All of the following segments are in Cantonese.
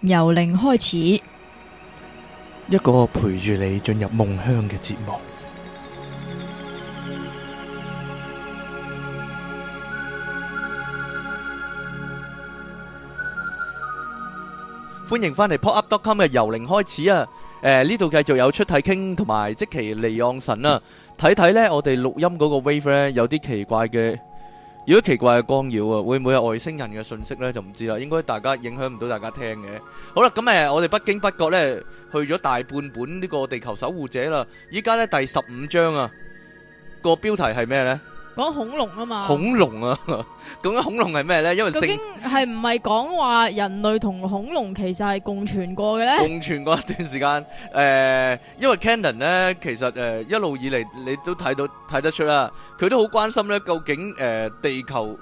由零開始，一個陪住你進入夢鄉嘅節目。歡迎返嚟，pop up dot com 嘅由零開始啊！誒、呃，呢度繼續有出體傾同埋即奇利昂神啊，睇睇呢，我哋錄音嗰個 wave 呢，有啲奇怪嘅。如果奇怪嘅光耀啊，會唔會有外星人嘅訊息呢？就唔知啦。應該大家影響唔到大家聽嘅。好啦，咁誒，我哋不經不覺呢，去咗大半本呢個地球守護者啦。依家呢，第十五章啊，個標題係咩呢？講恐龍啊嘛，恐龍啊，講緊恐龍係咩呢？因為聖經係唔係講話人類同恐龍其實係共存過嘅呢？共存過一段時間，誒、呃，因為 Canon 呢，其實誒、呃、一路以嚟你都睇到睇得出啦，佢都好關心呢，究竟誒、呃、地球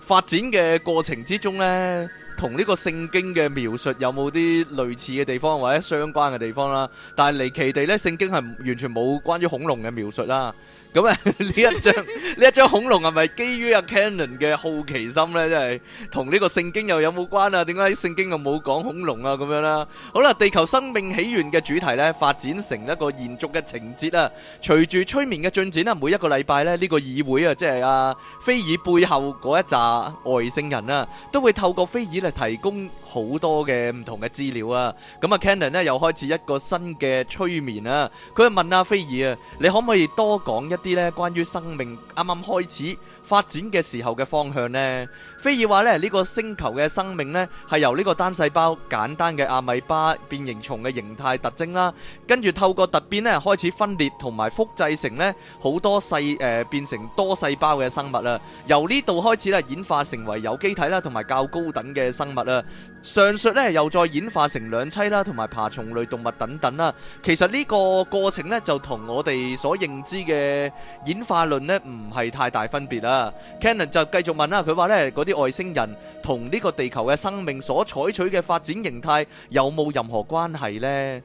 發展嘅過程之中呢，同呢個聖經嘅描述有冇啲類似嘅地方或者相關嘅地方啦？但係離奇地呢，聖經係完全冇關於恐龍嘅描述啦。咁啊，呢一張呢一張恐龍係咪基於阿 Canon 嘅好奇心咧？即係同呢個聖經又有冇關啊？點解聖經又冇講恐龍啊？咁樣啦，好啦，地球生命起源嘅主題咧，發展成一個延續嘅情節啊！隨住催眠嘅進展啦，每一個禮拜咧，呢個議會啊，即係阿菲爾背後嗰一揸外星人啊，都會透過菲爾嚟提供。好多嘅唔同嘅資料啊！咁啊，Cannon 呢又開始一個新嘅催眠啊！佢問阿菲爾啊，「你可唔可以多講一啲呢？關於生命啱啱開始發展嘅時候嘅方向呢？」菲爾話呢，呢個星球嘅生命呢，係由呢個單細胞簡單嘅阿米巴變形蟲嘅形態特徵啦，跟住透過突變呢，開始分裂同埋複製成呢好多細、呃、變成多細胞嘅生物啊！由呢度開始咧演化成為有機體啦，同埋較高等嘅生物啊！上述咧又再演化成兩棲啦，同埋爬蟲類動物等等啦。其實呢個過程咧就同我哋所認知嘅演化論咧唔係太大分別啦。Cannon 就繼續問啦，佢話咧嗰啲外星人同呢個地球嘅生命所採取嘅發展形態有冇任何關係呢？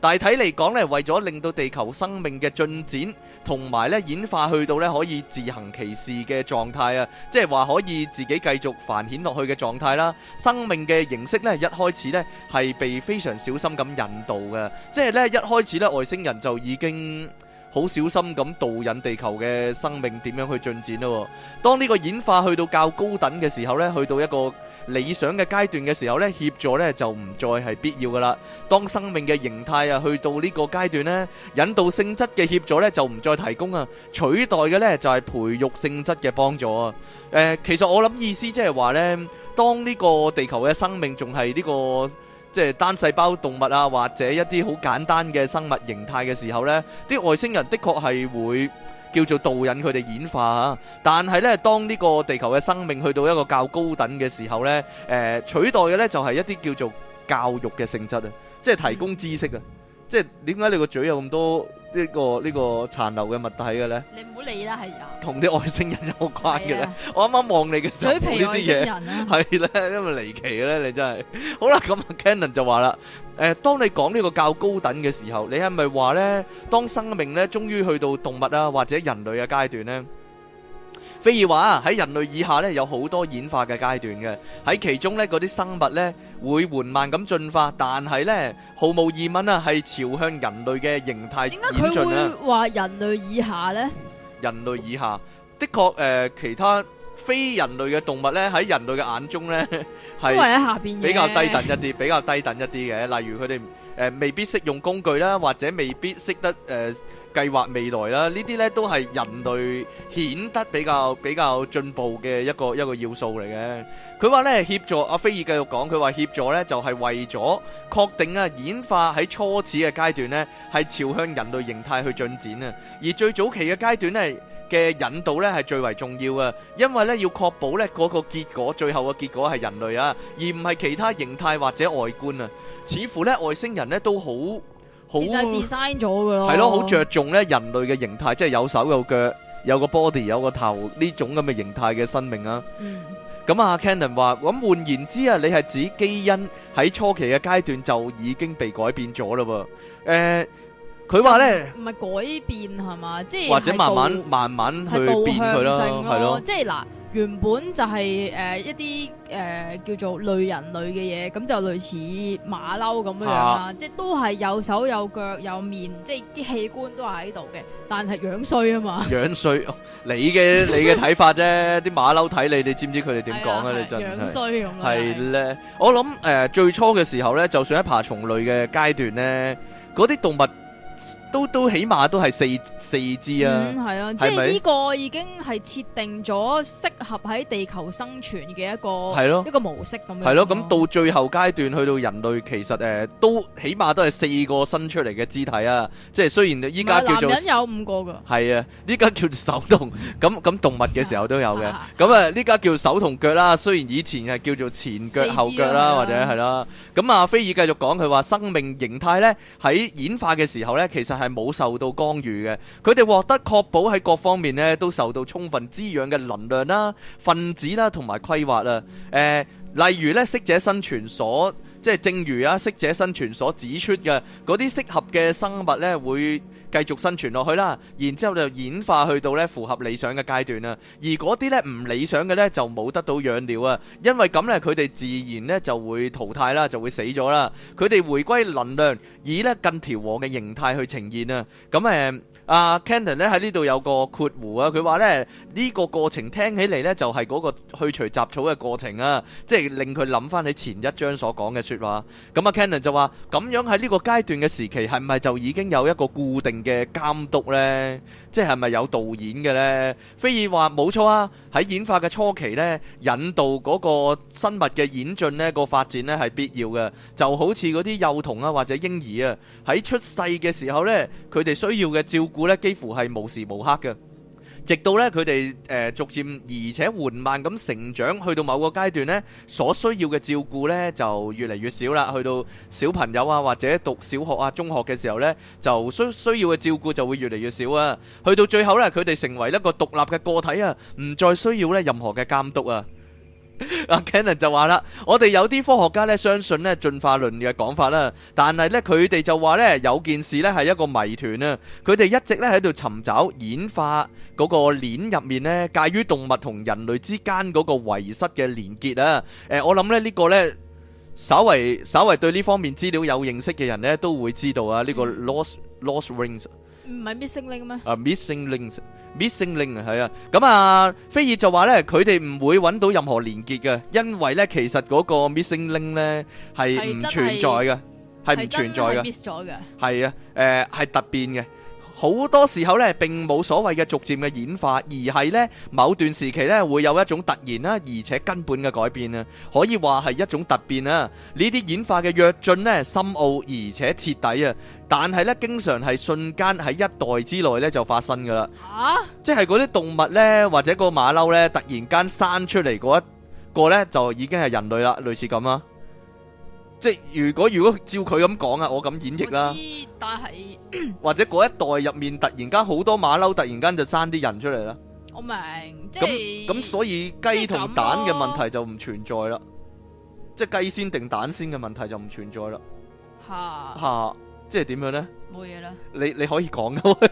大體嚟講咧，為咗令到地球生命嘅進展同埋咧演化，去到咧可以自行其事嘅狀態啊，即係話可以自己繼續繁衍落去嘅狀態啦。生命嘅形式咧，一開始咧係被非常小心咁引導嘅，即係咧一開始咧外星人就已經好小心咁導引地球嘅生命點樣去進展咯。當呢個演化去到較高等嘅時候咧，去到一個。理想嘅階段嘅時候咧，協助呢就唔再係必要噶啦。當生命嘅形態啊，去到呢個階段呢，引導性質嘅協助呢就唔再提供啊，取代嘅呢就係培育性質嘅幫助啊。呃，其實我諗意思即係話呢，當呢個地球嘅生命仲係呢個即係、即係、單細胞動物啊，或者一啲好簡單嘅生物形態嘅時候呢，啲外星人的確係會。叫做導引佢哋演化嚇，但係咧，當呢個地球嘅生命去到一個較高等嘅時候咧，誒、呃、取代嘅咧就係一啲叫做教育嘅性質啊，即係提供知識啊。即係點解你個嘴有咁多呢個呢個殘留嘅物體嘅咧？你唔好理啦，係啊，同啲外星人有關嘅咧。我啱啱望你嘅嘴皮，外星人啊，係咧，因為離奇嘅咧，你真係。好啦，咁啊，Cannon 就話啦，誒，當你講呢個較高等嘅時候，你係咪話咧，當生命咧，終於去到動物啊，或者人類嘅階段咧？菲爾話啊，喺人類以下咧，有好多演化嘅階段嘅，喺其中咧，嗰啲生物咧會緩慢咁進化，但係咧，毫無疑問啊，係朝向人類嘅形態演進啊！點解佢會話人類以下咧？人類以下的確誒，其他非人類嘅動物咧，喺人類嘅眼中咧係因為喺下邊嘅比較低等一啲，比較低等一啲嘅，例如佢哋誒未必識用工具啦，或者未必識得誒。計劃未來啦，呢啲呢都係人類顯得比較比較進步嘅一個一個要素嚟嘅。佢話呢協助阿菲爾繼續講，佢話協助呢就係為咗確定啊，演化喺初始嘅階段呢係朝向人類形態去進展啊。而最早期嘅階段呢嘅引導呢係最為重要啊，因為呢要確保呢嗰個結果，最後嘅結果係人類啊，而唔係其他形態或者外觀啊。似乎呢外星人呢都好。好很其實 design 咗噶咯，係咯、哦，好着重咧人類嘅形態，即、就、係、是、有手有腳，有個 body，有個頭呢種咁嘅形態嘅生命啊。咁啊，Cannon 話，咁換言之啊，你係指基因喺初期嘅階段就已經被改變咗啦、啊？喎、欸，誒，佢話咧，唔係改變係嘛，即係或者慢慢慢慢去變佢咯，係咯、啊，哦、即係嗱。原本就係、是、誒、呃、一啲誒、呃、叫做類人類嘅嘢，咁就類似馬騮咁樣啦，啊、即係都係有手有腳有面，即係啲器官都喺度嘅，但係樣衰啊嘛！樣衰，你嘅你嘅睇法啫，啲馬騮睇你，你知唔知佢哋點講啊？是啊，你真係樣衰咁啊！係咧，我諗誒、呃、最初嘅時候咧，就算喺爬蟲類嘅階段咧，嗰啲動物。都都起碼都係四四肢啊，係、嗯、啊，是是即係呢個已經係設定咗適合喺地球生存嘅一個係咯，啊、一個模式咁樣、啊。係咯，咁到最後階段去到人類，其實誒、呃、都起碼都係四個伸出嚟嘅肢體啊！即係雖然依家是叫做人有五個噶，係啊，呢家叫手動，咁 咁、嗯嗯、動物嘅時候都有嘅。咁啊、 嗯，呢家叫手同腳啦。雖然以前係叫做前腳後腳啦，啊啊、或者係啦。咁啊，阿菲爾繼續講佢話生命形態咧喺演化嘅時候咧，其實。係冇受到干預嘅，佢哋獲得確保喺各方面咧都受到充分滋養嘅能量啦、分子啦同埋規劃啦。誒、呃，例如咧，適者生存所即係正如啊適者生存所指出嘅嗰啲適合嘅生物呢會繼續生存落去啦，然之後就演化去到咧符合理想嘅階段啦。而嗰啲咧唔理想嘅咧就冇得到養料啊，因為咁咧佢哋自然咧就會淘汰啦，就會死咗啦。佢哋回歸能量，以咧更調和嘅形態去呈現啊。咁、嗯阿、uh, Cannon 咧喺呢度有個括弧啊，佢話咧呢、這個過程聽起嚟咧就係、是、嗰個去除雜草嘅過程啊，即係令佢諗翻起前一章所講嘅說話。咁、嗯、啊 Cannon 就話，咁樣喺呢個階段嘅時期，係咪就已經有一個固定嘅監督咧？即係咪有導演嘅咧？菲爾話冇錯啊，喺演化嘅初期咧，引導嗰個生物嘅演進咧、嗰個發展咧係必要嘅，就好似嗰啲幼童啊或者嬰兒啊喺出世嘅時候咧，佢哋需要嘅照顧。故咧幾乎係無時無刻嘅，直到咧佢哋誒逐漸而且緩慢咁成長，去到某個階段咧，所需要嘅照顧咧就越嚟越少啦。去到小朋友啊或者讀小學啊中學嘅時候咧，就需需要嘅照顧就會越嚟越少啊。去到最後咧，佢哋成為一個獨立嘅個體啊，唔再需要咧任何嘅監督啊。阿 Cannon 就話啦，我哋有啲科學家咧相信咧進化論嘅講法啦，但係咧佢哋就話咧有件事咧係一個謎團啦，佢哋一直咧喺度尋找演化嗰個鏈入面咧介於動物同人類之間嗰個遺失嘅連結啊。誒、呃，我諗咧呢、這個咧稍為稍為對呢方面資料有認識嘅人咧都會知道啊，呢、這個 Lost Lost Rings。唔係 missing link 咩？啊，missing link，missing link 係啊。咁啊，菲爾就話咧，佢哋唔會揾到任何連結嘅，因為咧，其實嗰個 missing link 咧係唔存在嘅，係唔存在嘅，miss 咗嘅，係啊，誒，係突變嘅。好多時候咧，並冇所謂嘅逐漸嘅演化，而係呢某段時期呢會有一種突然啦，而且根本嘅改變啊，可以話係一種突變啊。呢啲演化嘅躍進咧深奧而且徹底啊，但係呢經常係瞬間喺一代之內咧就發生噶啦。啊，即係嗰啲動物呢或者個馬騮呢突然間生出嚟嗰一個呢就已經係人類啦，類似咁啊。即係如果如果照佢咁講啊，我咁演繹啦。但係 或者嗰一代入面突然間好多馬騮，突然間就生啲人出嚟啦。我明，即係咁咁，所以雞同蛋嘅問題就唔存在啦。啊、即係雞先定蛋先嘅問題就唔存在啦。吓吓、啊，即係點樣咧？冇嘢啦。你你可以講噶哈哈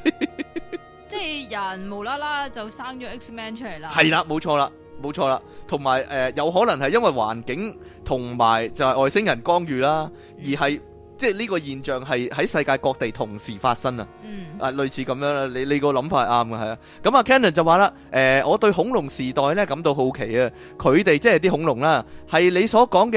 即係人無啦啦就生咗 X Man 出嚟 啦。係啦，冇錯啦。冇錯啦，同埋誒有可能係因為環境同埋就係外星人干預啦，而係即係呢個現象係喺世界各地同時發生啊！嗯，啊，類似咁樣啦，你你個諗法係啱嘅，係啊。咁啊，Cannon 就話啦，誒，我對恐龍時代咧感到好奇啊。佢哋即係啲恐龍啦，係你所講嘅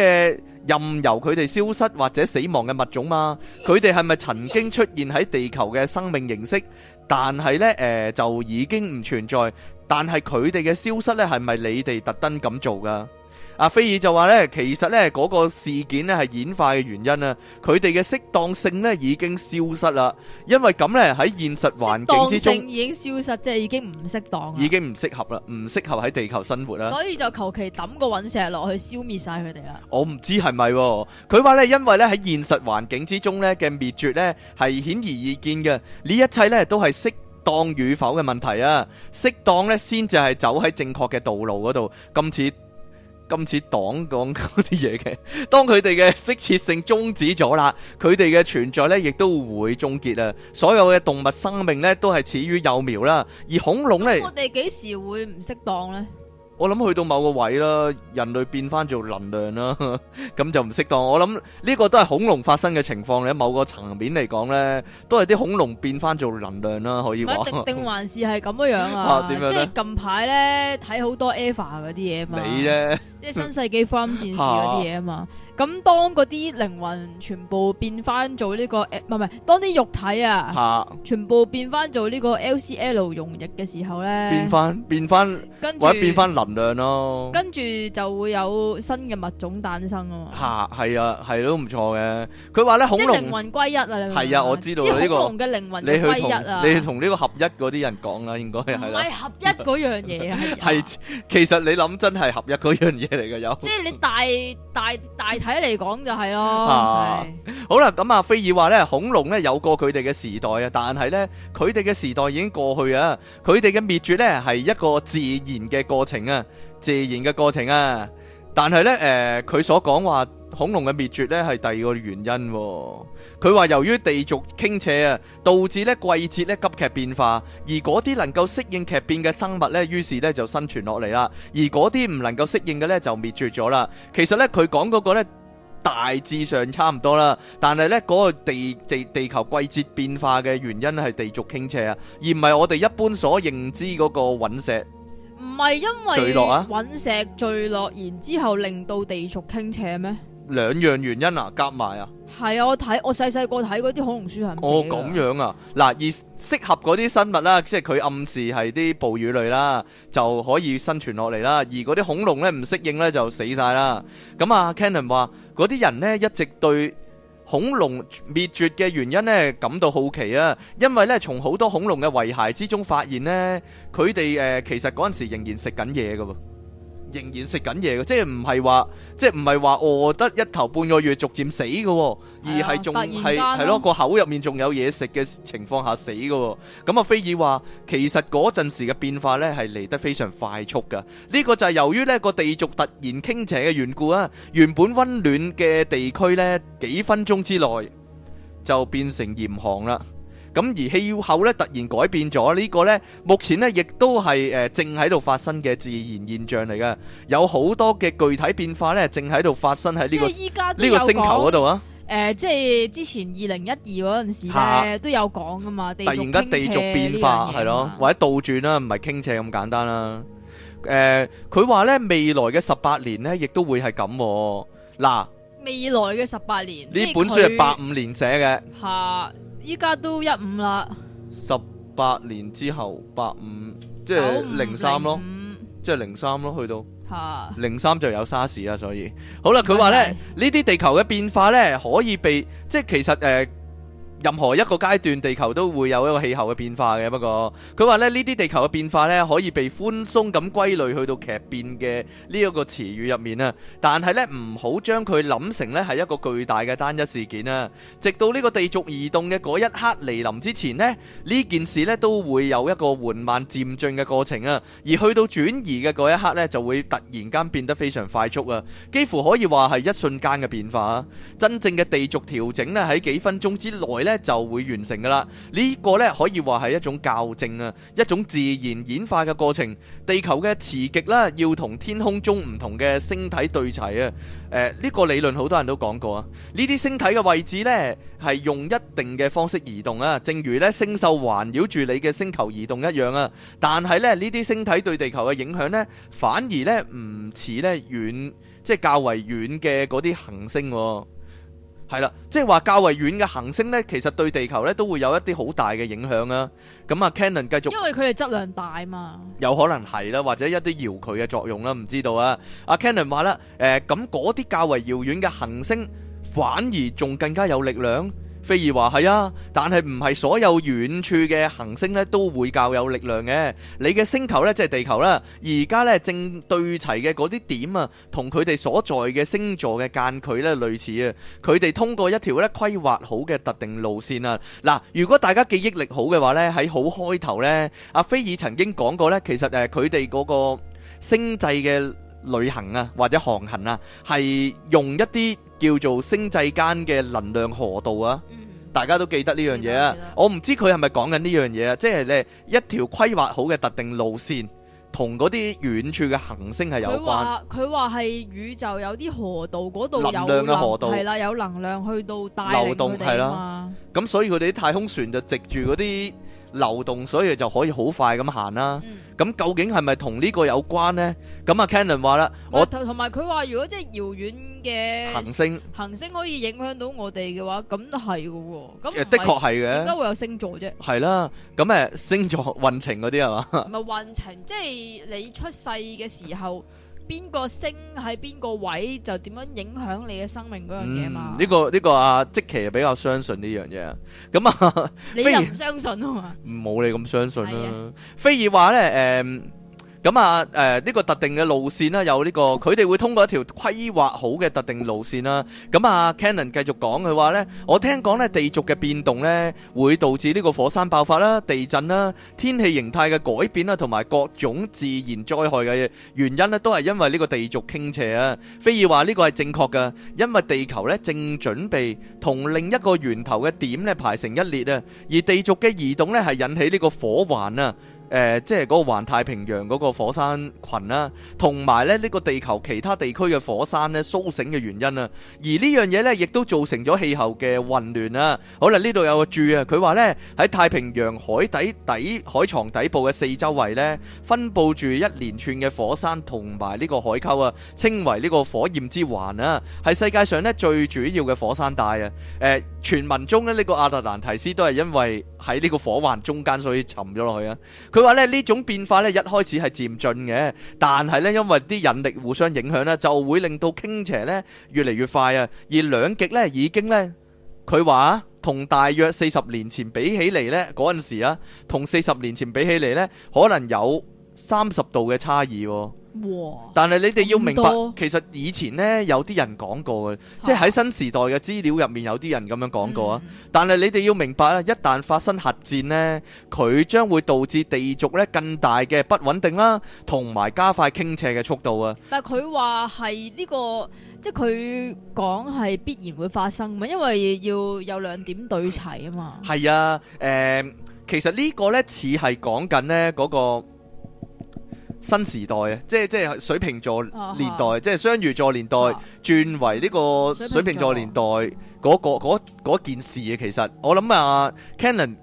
任由佢哋消失或者死亡嘅物種嘛？佢哋係咪曾經出現喺地球嘅生命形式，但係咧誒就已經唔存在？但係佢哋嘅消失咧，係咪你哋特登咁做噶阿菲爾就話咧，其實咧嗰個事件咧係演化嘅原因啦，佢哋嘅適當性咧已經消失啦，因為咁咧喺現實環境之中已經消失，即係已經唔適當，已經唔適合啦，唔適合喺地球生活啦。所以就求其抌個隕石落去消滅晒佢哋啦。我唔知係咪？佢話咧，因為咧喺現實環境之中咧嘅滅絕咧係顯而易見嘅，呢一切咧都係適。當與否嘅問題啊，適當呢先至係走喺正確嘅道路嗰度。今次今次黨講嗰啲嘢嘅，當佢哋嘅適切性終止咗啦，佢哋嘅存在呢亦都會終結啊！所有嘅動物生命呢都係始於幼苗啦，啊，而恐龍咧，我哋幾時會唔適當呢？我諗去到某個位啦，人類變翻做能量啦，咁就唔適當。我諗呢個都係恐龍發生嘅情況，喺某個層面嚟講咧，都係啲恐龍變翻做能量啦，可以話。定定還是係咁樣啊？啊樣即係近排咧睇好多 Eva 嗰啲嘢嘛。你即係新世紀福音戰士嗰啲嘢啊嘛，咁當嗰啲靈魂全部變翻做呢個，唔係唔係，當啲肉體啊，吓全部變翻做呢個 LCL 溶液嘅時候咧，變翻變翻，跟住或者變翻能量咯，跟住就會有新嘅物種誕生啊嘛，吓係啊係都唔錯嘅，佢話咧恐龍，即係靈魂歸一啊，係啊我知道啦呢個，恐龍嘅靈魂歸一啊，你去同你去同呢個合一嗰啲人講啦，應該係啦，唔係合一嗰樣嘢啊，係其實你諗真係合一嗰樣嘢。 即係你大大大體嚟講就係咯。啊，好啦，咁啊，菲爾話呢，恐龍呢有過佢哋嘅時代啊，但係呢，佢哋嘅時代已經過去啊，佢哋嘅滅絕呢係一個自然嘅過程啊，自然嘅過程啊，但係呢，誒、呃、佢所講話。恐龍嘅滅絕咧係第二個原因，佢話由於地軸傾斜啊，導致咧季節呢急劇變化，而嗰啲能夠適應劇變嘅生物呢，於是呢就生存落嚟啦，而嗰啲唔能夠適應嘅呢，就滅絕咗啦。其實呢，佢講嗰個呢大致上差唔多啦，但係呢，嗰個地地地球季節變化嘅原因係地軸傾斜啊，而唔係我哋一般所認知嗰個隕石，唔係因為隕石墜落，然之後令到地軸傾斜咩？兩樣原因啊，夾埋啊，係啊，我睇我細細個睇嗰啲恐龍書係哦，咁樣啊，嗱、啊，而適合嗰啲生物啦，即係佢暗示係啲哺乳類啦，就可以生存落嚟啦。而嗰啲恐龍咧唔適應咧，就死晒啦。咁啊，Cannon 話嗰啲人呢，一直對恐龍滅絕嘅原因呢感到好奇啊，因為呢，從好多恐龍嘅遺骸之中發現呢，佢哋、呃、其實嗰陣時仍然食緊嘢㗎喎。仍然食緊嘢嘅，即係唔係話，即係唔係話餓得一頭半個月，逐漸死嘅，而係仲係係咯個口入面仲有嘢食嘅情況下死嘅。咁啊，菲爾話其實嗰陣時嘅變化呢係嚟得非常快速㗎。呢、呢個就係由於呢個地軸突然傾斜嘅緣故啊。原本溫暖嘅地區呢，幾分鐘之內就變成嚴寒啦。咁而氣候咧突然改變咗、呢個、呢個咧，目前咧亦都係、呃、正喺度發生嘅自然現象嚟嘅，有好多嘅具體變化咧，正喺度發生喺呢、呢個呢星球嗰度啊！呃、即係之前二零一二嗰陣時咧、啊、都有講噶嘛，突然間地軸變化係咯、啊，或者倒轉啦、啊，唔係傾斜咁簡單啦、啊。佢話咧未來嘅十八年咧，亦都會係咁嗱。未來嘅十八年呢、啊啊、呢本書係八五年寫嘅。啊。依家都一五啦，十八年之後八五，105，即係零三咯，即係零三咯，去到零三就有沙士啦，所以好啦，佢話咧呢啲是是 地球嘅變化咧可以被即係其實誒。呃任何一個階段，地球都會有一個氣候嘅變化嘅。不過佢話咧呢啲地球嘅變化咧，可以被寬鬆咁歸類去到劇變嘅呢一個詞語入面啊。但係咧唔好將佢諗成咧係一個巨大嘅單一事件啊。直到呢個地軸移動嘅一刻嚟臨之前咧，呢件事咧都會有一個緩慢漸進嘅過程啊。而去到轉移嘅一刻咧，就會突然間變得非常快速啊，幾乎可以話係一瞬間嘅變化啊。真正嘅地軸調整咧，喺幾分鐘之內咧，咧就會完成噶啦，呢、這個咧可以話係一種校正啊，一種自然演化嘅過程。地球嘅磁極啦，要同天空中唔同嘅星體對齊啊。誒、呃，呢、這個理論好多人都講過啊。呢啲星體嘅位置咧係用一定嘅方式移動啊，正如咧星宿環繞住你嘅星球移動一樣啊。但係咧呢啲星體對地球嘅影響咧，反而咧唔似咧遠，即、就、係、是、較為遠嘅嗰啲行星。係啦，即係話較為遠嘅行星咧，其實對地球咧都會有一啲好大嘅影響啊！咁啊，Cannon 繼續，因為佢哋質量大嘛，有可能係啦，或者一啲遙距嘅作用啦，唔知道啊！阿 Cannon 話啦，誒、呃，咁嗰啲較為遙遠嘅行星反而仲更加有力量。菲爾話係啊，但係唔係所有遠處嘅行星呢都會較有力量嘅。你嘅星球呢即係地球啦，而家呢正對齊嘅嗰啲點啊，同佢哋所在嘅星座嘅間距呢類似啊。佢哋通過一條呢規劃好嘅特定路線啊。嗱，如果大家記憶力好嘅話呢，喺好開頭呢，阿菲爾曾經講過呢，其實誒佢哋嗰個星際嘅旅行啊或者航行啊，係用一啲。叫做星際間嘅能量河道啊，嗯、大家都記得呢樣嘢啊！我唔知佢係咪講緊呢樣嘢啊，即係咧一條規劃好嘅特定路線，同嗰啲遠處嘅行星係有關。佢話佢話係宇宙有啲河道，嗰度有能，能量嘅河道，係啦，有能量去到帶流動你啊嘛。咁所以佢哋啲太空船就藉住嗰啲。流動，所以就可以好快咁行啦。咁、嗯、究竟係咪同呢個有關呢？咁啊，Cannon 話啦，和我同埋佢話，如果即係遙遠嘅行星，行星可以影響到我哋嘅話，咁都係㗎喎。咁的確係嘅。點解會有星座啫？係啦，咁誒星座運程嗰啲係嘛？唔係運程，即、就、係、是、你出世嘅時候。 邊個星喺邊個位就點樣影響你嘅生命嗰樣嘢啊嘛？呢、嗯呢個呢、呢個啊，即其啊比較相信呢樣嘢。咁啊，你又唔相信啊嘛。冇 你咁相信啦、啊。的非兒話咧，誒、呃。咁啊，誒、呃、呢、這個特定嘅路線啦、啊，有呢、這個佢哋會通過一條規劃好嘅特定路線啦、啊。咁啊 Cannon 繼續講佢話呢，我聽講呢，地軸嘅變動呢，會導致呢個火山爆發啦、地震啦、天氣形態嘅改變啦，同埋各種自然災害嘅原因呢，都係因為呢個地軸傾斜啊。菲爾話呢個係正確㗎，因為地球呢，正準備同另一個源頭嘅點呢排成一列啊，而地軸嘅移動呢，係引起呢個火環啊。誒、呃，即係嗰個環太平洋嗰個火山群啦、啊，同埋咧呢、這個地球其他地區嘅火山咧甦醒嘅原因啦、啊。而呢樣嘢呢，亦都造成咗氣候嘅混亂啦、啊。好啦，呢度有個注啊，佢話呢，喺太平洋海底底海床底部嘅四周圍呢，分布住一連串嘅火山同埋呢個海溝啊，稱為呢個火焰之環啊，係世界上呢最主要嘅火山帶啊。誒、呃，傳聞中呢，呢、這個亞特蘭提斯都係因為喺呢個火環中間所以沉咗落去啊。佢話呢，呢種變化呢，一開始係漸進嘅，但係呢，因為啲引力互相影響呢，就會令到傾斜呢越嚟越快啊！而兩極呢已經呢，佢話同大約四十年前比起嚟呢，嗰陣時啊，同四十年前比起嚟呢，可能有三十度嘅差異啊。哇但係你哋要明白，其實以前呢，有啲人講過嘅，啊、即係喺新時代嘅資料入面，有啲人咁樣講過啊。嗯、但係你哋要明白，一旦發生核戰呢，佢將會導致地軸咧更大嘅不穩定啦，同埋加快傾斜嘅速度啊。但係佢話係呢個，即係佢講係必然會發生，因為要有兩點對齊啊嘛。係、嗯、啊，誒、呃，其實呢個呢，似係講緊呢嗰、那個。新時代啊，即係即係水瓶座年代，啊、即係雙魚座年代轉、啊、為呢個水瓶座年代嗰、那個啊那個、件事其實我諗啊，Cannon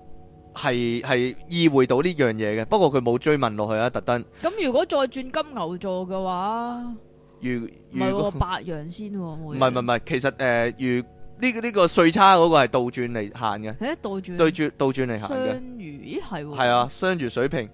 係係意會到呢樣嘢嘅，不過佢冇追問落去啊，特登。咁如果再轉金牛座嘅話，如唔係喎白羊先喎、啊，唔係唔係唔係其實誒、呃，如呢、這個呢、這個歲差嗰個係倒轉嚟行嘅，係、欸、倒轉，對住倒轉嚟行嘅。雙魚咦係係啊雙魚水瓶。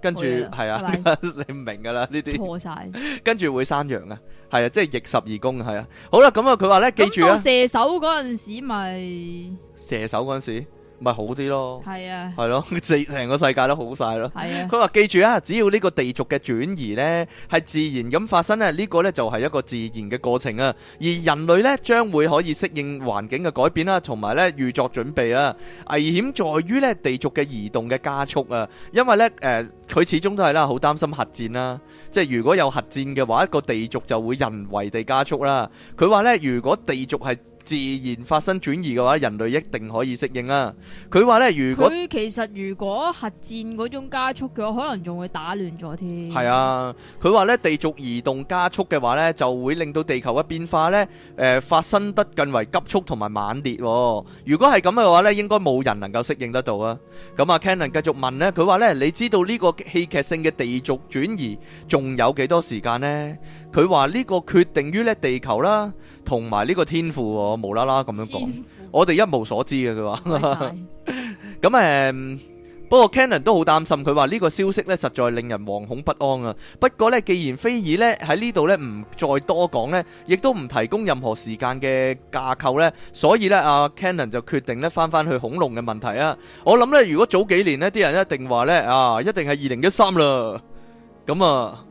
跟住係啊，bye bye 你唔明噶啦呢啲，錯晒，跟住會山羊啊，係啊，即係逆十二宮啊，係啊。好啦，咁啊，佢話咧，記住啊，射手嗰陣時咪射手嗰陣時。咪好啲咯，係啊，係咯，成個世界都好晒咯。係啊，佢話記住啊，只要呢個地軸嘅轉移呢係自然咁發生呢呢、這個呢就係一個自然嘅過程啊。而人類呢將會可以適應環境嘅改變啦，同埋呢預作準備啊。危險在於呢地軸嘅移動嘅加速啊，因為呢，誒、呃、佢始終都係啦，好擔心核戰啦。即係如果有核戰嘅話，一個地軸就會人為地加速啦。佢話呢，如果地軸係。自然發生轉移嘅話，人類一定可以適應啊！佢話呢，如果其實如果核戰嗰種加速嘅話，可能仲會打亂咗添。係啊！佢話呢，地軸移動加速嘅話呢，就會令到地球嘅變化呢誒、呃、發生得更為急速同埋猛烈、哦。如果係咁嘅話呢，應該冇人能夠適應得到啊！咁啊，Cannon 繼續問呢，佢話呢，你知道呢個戲劇性嘅地軸轉移仲有幾多時間呢？佢話呢個決定於呢地球啦，同埋呢個天賦、哦。無啦啦咁樣講，我哋一無所知嘅。佢話，咁誒，不過 Cannon 都好擔心，佢話呢個消息咧實在令人惶恐不安啊。不過咧，既然菲爾咧喺呢度咧唔再多講咧，亦都唔提供任何時間嘅架構咧，所以咧，阿 Cannon 就決定咧翻翻去恐龍嘅問題啊。我諗咧，如果早幾年咧，啲人一定話咧啊，一定係二零一三啦。咁啊，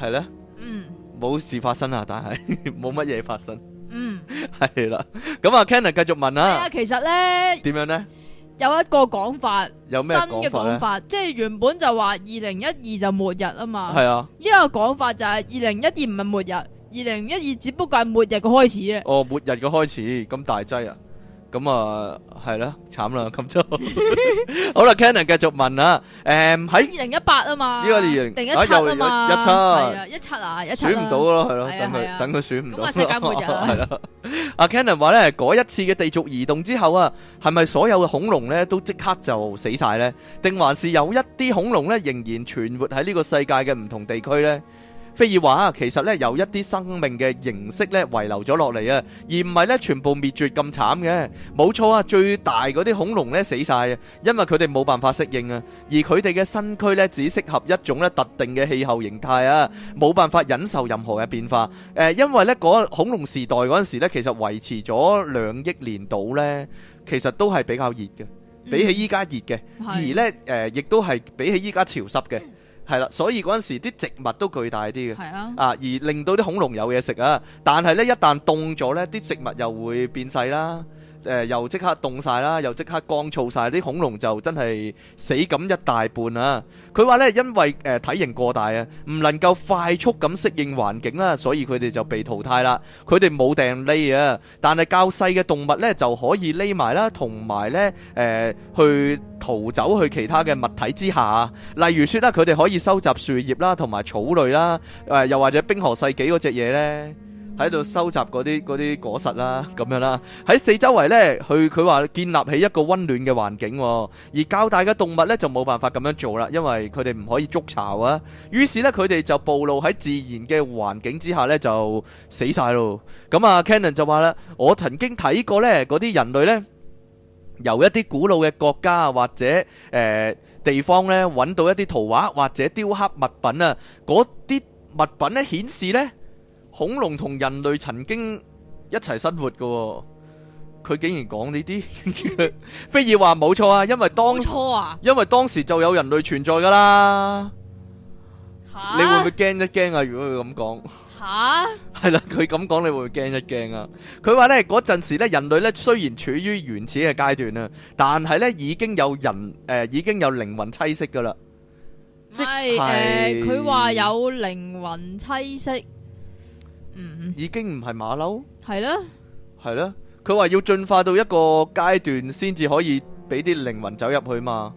係咧，嗯，冇事發生啊，但係冇乜嘢發生。.嗯，係啦， 咁啊 Kenna 繼續問啦。係啊，其實咧，點樣咧？有一個講法，有咩新嘅講法？即係原本就話二零一二就末日啊嘛。係啊的。呢個講法就係二零一二唔係末日，二零一二只不過係末日嘅開始。哦，末日嘅開始，咁大劑啊！咁啊，係咯，慘啦，咁就好啦。Cannon 繼續問啦，誒，喺二零一八啊嘛，呢個二零一七啊嘛，一七係啊，一七啊，一七選唔到咯，係咯，等佢等佢選唔到。咁啊，世界末日係啦。阿 Cannon 話咧，嗰一次嘅地軸移動之後啊，係咪所有嘅恐龍咧都即刻就死晒咧？定還是有一啲恐龍咧仍然存活喺呢個世界嘅唔同地區咧？飛爾話啊，其實咧有一啲生命嘅形式咧遺留咗落嚟啊，而唔係咧全部滅絕咁慘嘅。冇錯啊，最大嗰啲恐龍咧死晒啊，因為佢哋冇辦法適應啊，而佢哋嘅身軀咧只適合一種咧特定嘅氣候形態啊，冇辦法忍受任何嘅變化。誒，因為咧嗰恐龍時代嗰陣時咧，其實維持咗兩億年到咧，其實都係比較熱嘅，比起依家熱嘅。而咧誒，亦都係比起依家潮濕嘅。係啦，所以嗰陣時啲植物都巨大啲嘅，係啊，啊而令到啲恐龍有嘢食啊，但係呢，一旦凍咗呢，啲植物又會變細啦。誒、呃，又即刻凍晒啦，又即刻乾燥晒，啲恐龍就真係死咁一大半啊！佢話呢，因為誒、呃、體型過大啊，唔能夠快速咁適應環境啦，所以佢哋就被淘汰啦。佢哋冇埞匿啊，但係較細嘅動物呢，就可以匿埋啦，同埋呢誒、呃、去逃走去其他嘅物體之下，例如說啦，佢哋可以收集樹葉啦，同埋草類啦，誒、呃、又或者冰河世紀嗰隻嘢呢。喺度收集嗰啲嗰啲果實啦、啊，咁樣啦，喺四周圍咧，佢佢話建立起一個溫暖嘅環境、啊。而較大嘅動物咧，就冇辦法咁樣做啦，因為佢哋唔可以捉巢啊。於是咧，佢哋就暴露喺自然嘅環境之下咧，就死晒咯。咁、嗯、啊 Cannon 就話啦：，我曾經睇過咧，嗰啲人類咧，由一啲古老嘅國家或者誒、呃、地方咧，揾到一啲圖畫或者雕刻物品啊，嗰啲物品咧顯示咧。恐龍同人類曾經一齊生活噶、哦，佢竟然講呢啲。 非爾話冇錯啊，因為當初啊，因為當時就有人類存在噶啦。哈你會唔會驚一驚啊？如果佢咁講吓，係啦哈，佢咁講你會唔會驚一驚啊？佢話呢嗰陣時呢人類呢雖然處於原始嘅階段啊，但係呢已經有人誒、呃，已經有靈魂棲息噶啦。不即係誒，佢話有靈魂棲息。已經唔係馬騮，係啦呢，係啦。佢話要進化到一個階段先至可以俾啲靈魂走入去嘛，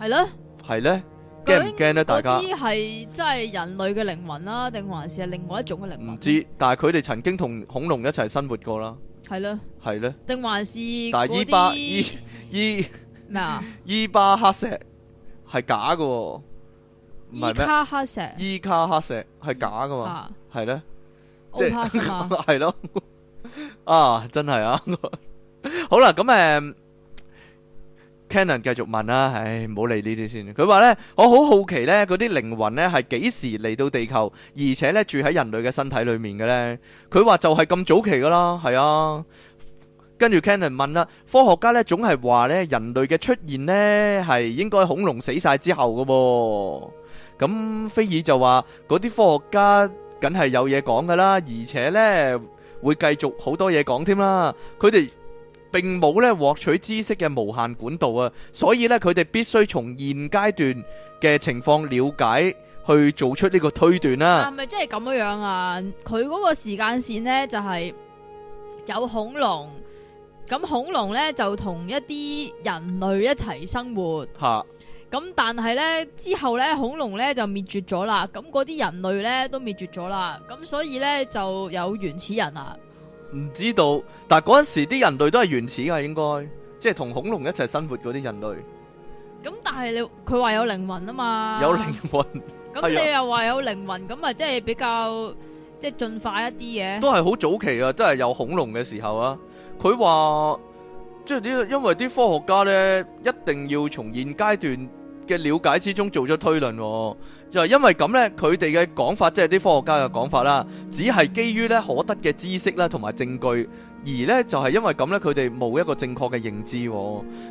係咯呢，係咧呢。驚唔驚咧？大家嗰啲係真係人類嘅靈魂啦、啊，定還是係另外一種嘅靈魂？唔知。但係佢哋曾經同恐龍一齊生活過啦，係咯呢，係咧呢。定還是嗱？伊巴伊伊咩啊？伊巴黑石係假嘅，唔係咩？伊卡黑石，伊、哦、卡黑石係假嘅嘛？係咧、啊。係咧即係，係咯，啊，真係啊，好啦，咁誒，Cannon 繼續問啦，唉，唔好理呢啲先。佢話咧，我好好奇咧，嗰啲靈魂咧係幾時嚟到地球，而且咧住喺人類嘅身體裏面嘅咧？佢話就係咁早期噶啦，係啊。跟住 Cannon 問啦，科學家咧總係話咧人類嘅出現咧係應該恐龍死晒之後噶噃。咁菲爾就話嗰啲科學家。梗係有嘢講噶啦，而且咧會繼續好多嘢講添啦。佢哋並冇咧獲取知識嘅無限管道啊，所以咧佢哋必須從現階段嘅情況了解去做出呢個推斷啦。係咪即係咁樣樣啊？佢嗰個時間線咧就係有恐龍，咁恐龍咧就同一啲人類一齊生活。咁但係呢之後呢，恐龍呢就滅絕咗啦，咁嗰啲人類呢都滅絕咗啦，咁所以呢，就有原始人啦。唔知道，但係嗰陣時啲人類都係原始嘅，應該即係同恐龍一齊生活嗰啲人類。咁但係你佢話有靈魂啊嘛？有靈魂。咁你又話有靈魂，咁咪即係比較即係進化一啲嘢？都係好早期啊，都係有恐龍嘅時候啊。佢話即係因為啲科學家呢，一定要從現階段，嘅了解之中做咗推論，就係因為咁呢，佢哋嘅講法即係啲科學家嘅講法啦，只係基於呢可得嘅知識啦同埋證據，而呢，就係因為咁呢，佢哋冇一個正確嘅認知。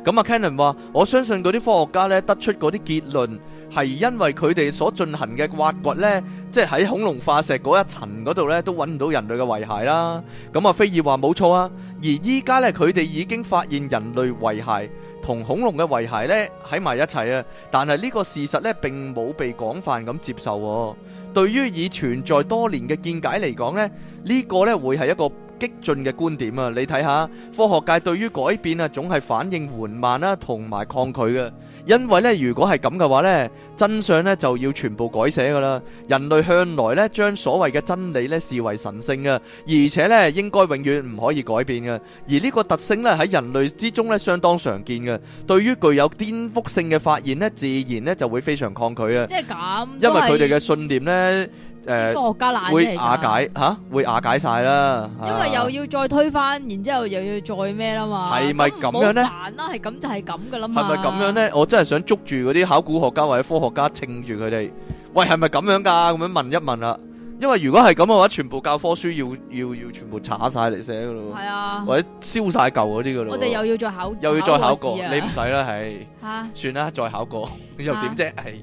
咁啊，Cannon 話：我相信嗰啲科學家呢得出嗰啲結論係因為佢哋所進行嘅挖掘呢，即係喺恐龍化石嗰一層嗰度呢，都揾唔到人類嘅遺骸啦。咁啊，菲爾話：冇錯啊，而依家呢，佢哋已經發現人類遺骸，同恐龍嘅遺骸咧喺埋一齊啊！但係呢個事實咧並冇被廣泛咁接受。對於已存在多年嘅見解嚟講咧，呢個咧會係一個激進嘅觀點啊！你睇下科學界對於改變啊，總係反應緩慢啦，同埋抗拒嘅。因為咧，如果係咁嘅話咧，真相咧就要全部改寫噶啦。人類向來咧將所謂嘅真理咧視為神聖啊，而且咧應該永遠唔可以改變嘅。而呢個特性咧喺人類之中咧相當常見嘅。對於具有顛覆性嘅發現咧，自然咧就會非常抗拒啊！即係咁，因為佢哋嘅信念咧。誒，科學家爛咗嚟，瓦解吓，會瓦解晒啦。因為又要再推翻，然之後又要再咩啦嘛？係咪咁樣咧？難啦，係咁就係咁噶啦嘛。係咪咁樣咧？我真係想捉住嗰啲考古學家或者科學家，稱住佢哋。喂，係咪咁樣噶？咁樣問一問啦。因為如果係咁嘅話，全部教科書要要要全部查晒嚟寫噶咯。係啊，或者燒晒舊嗰啲噶咯。我哋又要再考，又要再考過，你唔使啦，係吓，算啦，再考過，你又點啫？係。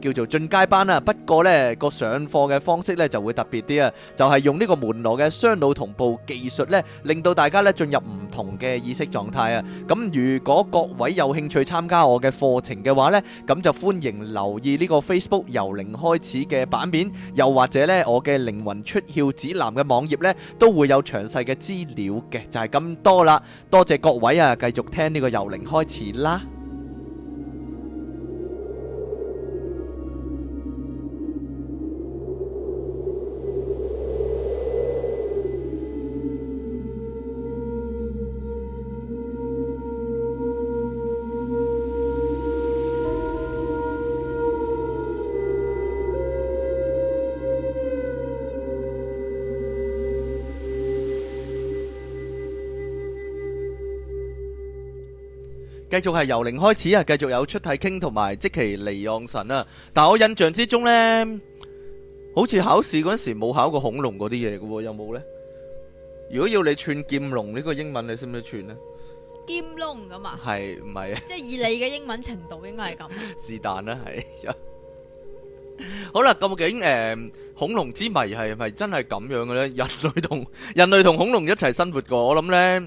叫做進階班啦，不過呢個上課嘅方式呢就會特別啲啊，就係用呢個門羅嘅雙腦同步技術呢，令到大家呢進入唔同嘅意識狀態啊。咁如果各位有興趣參加我嘅課程嘅話呢，咁就歡迎留意呢個 Facebook 由零開始嘅版面，又或者呢我嘅靈魂出竅指南嘅網頁呢都會有詳細嘅資料嘅，就係咁多啦。多謝各位啊，繼續聽呢個由零開始啦。繼續係由零開始啊！繼續有出體傾同埋即其離岸神啊！但係我印象之中咧，好似考試嗰時冇考過恐龍嗰啲嘢嘅喎，有冇咧？如果要你串劍龍呢個英文，你識唔識串咧？劍龍咁啊？係唔係啊？即係以你嘅英文程度，應該係咁。是但啦，係啊。好啦，究竟誒恐龍之謎係咪真係咁樣嘅咧？人類同人類同恐龍一齊生活過，我諗咧。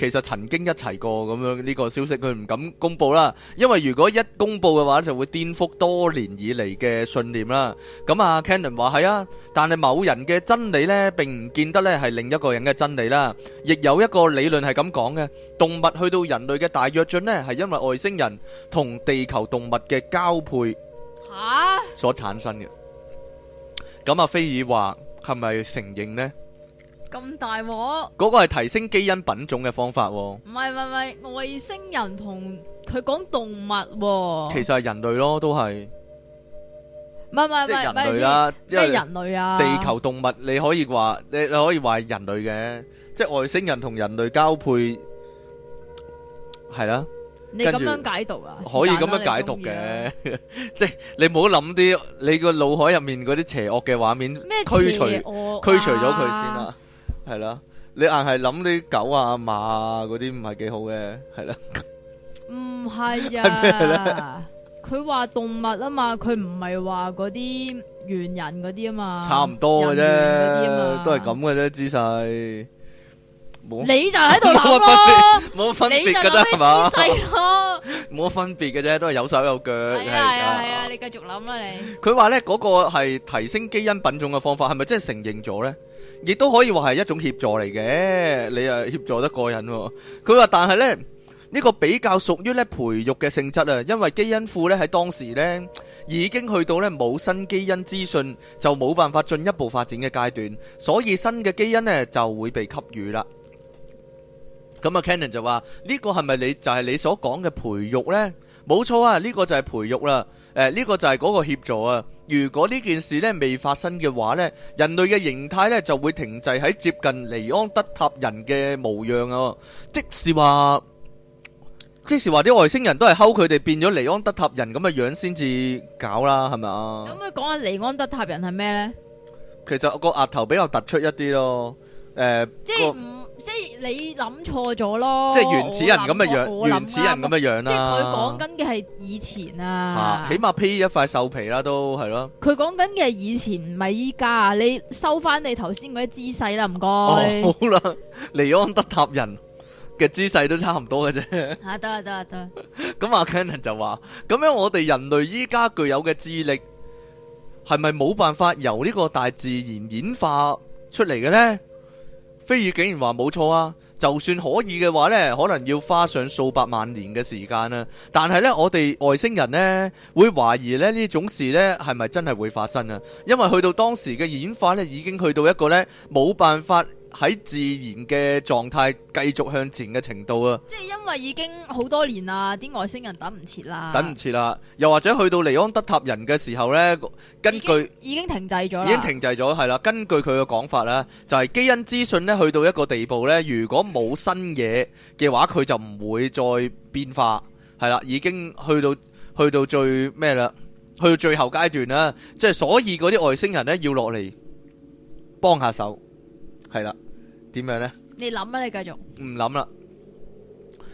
其實曾經一齊過咁樣呢個消息，佢唔敢公佈啦，因為如果一公佈嘅話，就會顛覆多年以嚟嘅信念啦。咁啊，Cannon 話係啊，但係某人嘅真理咧，並唔見得咧係另一個人嘅真理啦。亦有一個理論係咁講嘅，動物去到人類嘅大躍進咧，係因為外星人同地球動物嘅交配嚇所產生嘅。咁啊，菲爾話係咪承認咧？咁大鑊嗰個係提升基因品種嘅方法，唔係唔係外星人同佢講動物，其實係人類咯，都係唔係唔係人類啦，即係人類啊？地球動物你可以話，你你可以話係人類嘅，即係外星人同人類交配係啦。你咁樣解讀啊？可以咁樣解讀嘅，即係你唔好諗啲你個腦海入面嗰啲邪惡嘅畫面，咩？驅除驅除咗佢先啦。係啦，你硬係諗啲狗啊、馬啊嗰啲，唔係幾好嘅，係啦。唔係啊，佢話動物啊嘛，佢唔係話嗰啲猿人嗰啲啊嘛。差唔多嘅啫，都係咁嘅啫姿勢。你就喺度諗咯，冇分別嘅啫，係嘛？冇乜分別嘅啫，都係有手有腳。係啊，係啊，你繼續諗啦你。佢話咧嗰個係提升基因品種嘅方法，係咪真係承認咗咧？亦都可以話係一種協助嚟嘅，你啊協助得過癮。佢話但係呢，呢個比較屬於呢培育嘅性質啊，因為基因庫呢，喺當時呢已經去到呢冇新基因資訊就冇辦法進一步發展嘅階段，所以新嘅基因呢就會被給予啦。咁啊，Cannon 就話呢個係咪你就係你所講嘅培育呢？冇錯啊，呢個就係培育啦。誒、呃，呢個就係嗰個協助啊。如果呢件事呢未發生嘅話呢，人類嘅形態呢就會停滯喺接近尼安德塔人嘅模樣啊！即係話，即係話啲外星人都係睺佢哋變咗尼安德塔人咁嘅樣先至搞啦，係咪啊？咁佢講下尼安德塔人係咩呢？其實個額頭比較突出一啲咯，誒。是想了，即係你諗錯咗咯，即係原始人咁嘅樣，原始人咁嘅樣啦。樣啊、即係佢講緊嘅係以前啊，啊起碼披一塊獸皮啦，都係咯。佢講緊嘅係以前，唔係依家啊！你收翻你頭先嗰啲姿勢啦，唔該、哦。好啦，尼安德塔人嘅姿勢都差唔多嘅啫、 啊。嚇，得啦，得啦，得啦、 嗯。咁阿 Ken 就話，咁樣我哋人類依家具有嘅智力係咪冇辦法由呢個大自然演化出嚟嘅咧？菲爾竟然話，冇錯啊，就算可以嘅話呢，可能要花上數百萬年嘅時間啦。但係呢，我哋外星人呢會懷疑呢呢種事呢係咪真係會發生啊？因為去到當時嘅演化呢，已經去到一個呢冇辦法。喺自然嘅狀態繼續向前嘅程度啊！即係因為已經好多年啦，啲外星人等唔切啦，等唔切啦。又或者去到尼安德塔人嘅時候呢，根據，已經，已經停滯咗，已經停滯咗係啦。根據佢嘅講法咧，就係基因資訊呢，去到一個地步呢，如果冇新嘢嘅話，佢就唔會再變化係啦。已經去到去到最咩啦？去到最後階段啦。即係所以嗰啲外星人呢，要落嚟幫下手。係啦，點樣呢？你諗啊，你繼續。唔諗啦，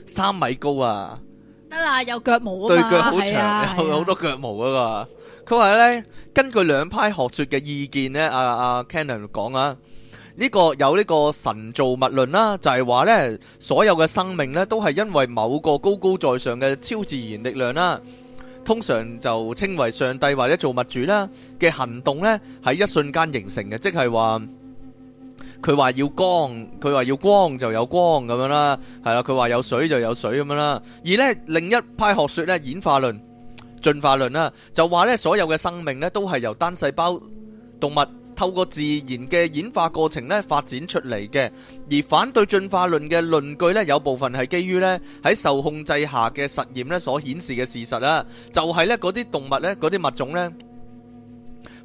三米高啊！得啦，有腳毛啊，對腳好長，好、啊、多腳毛啊，佢話呢，根據兩派學說嘅意見呢，阿阿 Cannon 講啊，呢、啊啊這個有呢個神造物論啦、啊，就係、是、話呢，所有嘅生命呢，都係因為某個高高在上嘅超自然力量啦、啊，通常就稱為上帝或者造物主啦、啊、嘅行動呢，喺一瞬間形成嘅，即係話。佢話要光，佢話要光就有光咁樣啦，係啦。佢話有水就有水咁樣啦。而呢另一派學說呢，演化論、進化論啦，就話呢所有嘅生命呢都係由單細胞動物透過自然嘅演化過程呢發展出嚟嘅。而反對進化論嘅論據呢，有部分係基於呢喺受控制下嘅實驗呢所顯示嘅事實啦，就係呢嗰啲動物呢，嗰啲物種呢。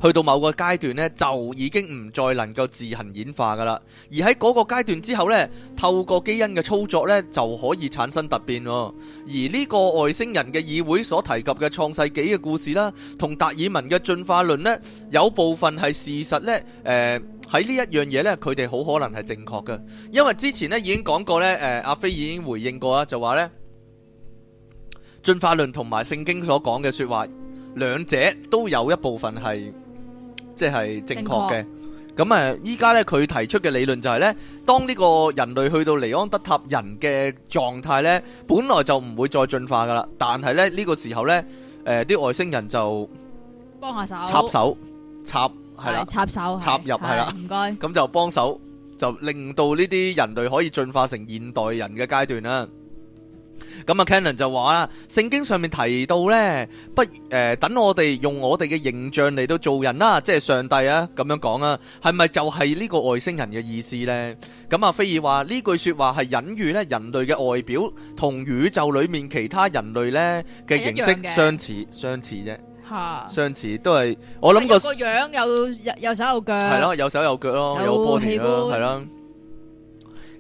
去到某個階段呢，就已經唔再能夠自行演化噶啦。而喺嗰個階段之後呢，透過基因嘅操作呢，就可以產生突變。而呢個外星人嘅議會所提及嘅創世紀嘅故事啦，同達爾文嘅進化論呢，有部分係事實呢。誒喺呢一樣嘢呢，佢哋好可能係正確嘅，因為之前呢已經講過呢，誒阿飛已經回應過啦，就話呢進化論同埋聖經所講嘅說話，兩者都有一部分係。即係正確嘅，咁啊確，依家咧佢提出嘅理論就係、是、咧，當呢個人類去到尼安德塔人嘅狀態咧，本來就唔會再進化噶啦，但係咧呢個時候咧，誒、呃，啲外星人就幫下手插手插係啦，插，插手插入係啦，唔該，咁就幫手就令到呢啲人類可以進化成現代人嘅階段啦。咁啊，Cannon 就話啦，聖經上面提到咧，不誒，等我哋用我哋嘅形象嚟到做人啦，即係上帝啊，咁樣講啊，係咪就係呢個外星人嘅意思咧？咁啊，菲爾話呢句說話係隱喻咧，人類嘅外表同宇宙裏面其他人類咧嘅形式相似，相似啫，吓，相似都係，我諗個個樣有有手有腳，係咯，有手有腳咯，有 body 咯，係咯。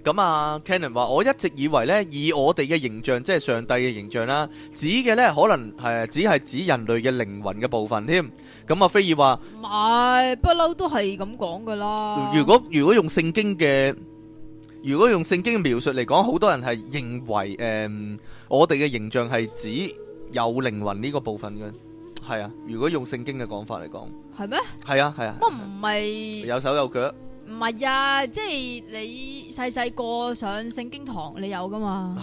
咁啊，Cannon 話我一直以為咧，以我哋嘅形象，即係上帝嘅形象啦、啊，指嘅咧可能係只係指人類嘅靈魂嘅部分添。咁啊，菲爾，菲爾話唔係，不嬲都係咁講噶啦。如果如果用聖經嘅，如果用聖經嘅描述嚟講，好多人係認為誒、嗯，我哋嘅形象係指有靈魂呢個部分嘅。係啊，如果用聖經嘅講法嚟講，係咩嗎？係啊，係啊，乜唔係？啊、有手有腳。唔係啊，即係你細細個上聖經堂，你有噶嘛？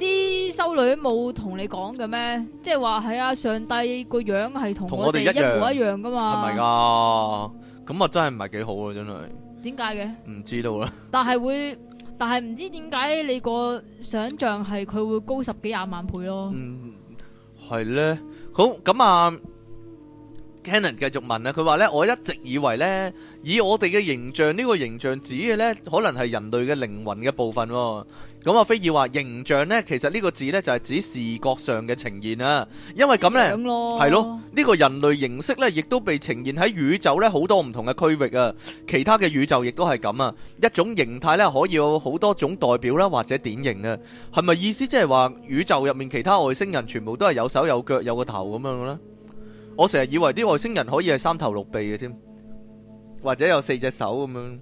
啲 修女冇同你講嘅咩？即係話係啊，上帝個樣係同我哋一模一樣噶嘛？係咪噶？咁啊，真係唔係幾好啊，真係。點解嘅？唔知道啦。但係會，但係唔知點解你個想象係佢會高十幾廿萬倍咯？嗯，係咧。好，咁啊。Cannon 繼續問啊，佢話咧：我一直以為咧，以我哋嘅形象呢、呢個形象指嘅咧，可能係人類嘅靈魂嘅部分、哦。咁阿菲爾話：形象咧，其實呢個字咧就係、是、指視覺上嘅呈現啊。因為咁咧，係咯，呢、呢個人類形式咧，亦都被呈現喺宇宙咧好多唔同嘅區域啊。其他嘅宇宙亦都係咁啊。一種形態咧可以有好多種代表啦，或者典型啊。係咪意思即係話宇宙入面其他外星人全部都係有手有腳有個頭咁樣嘅咧？我成日以為啲外星人可以係三頭六臂嘅添，或者有四隻手咁樣。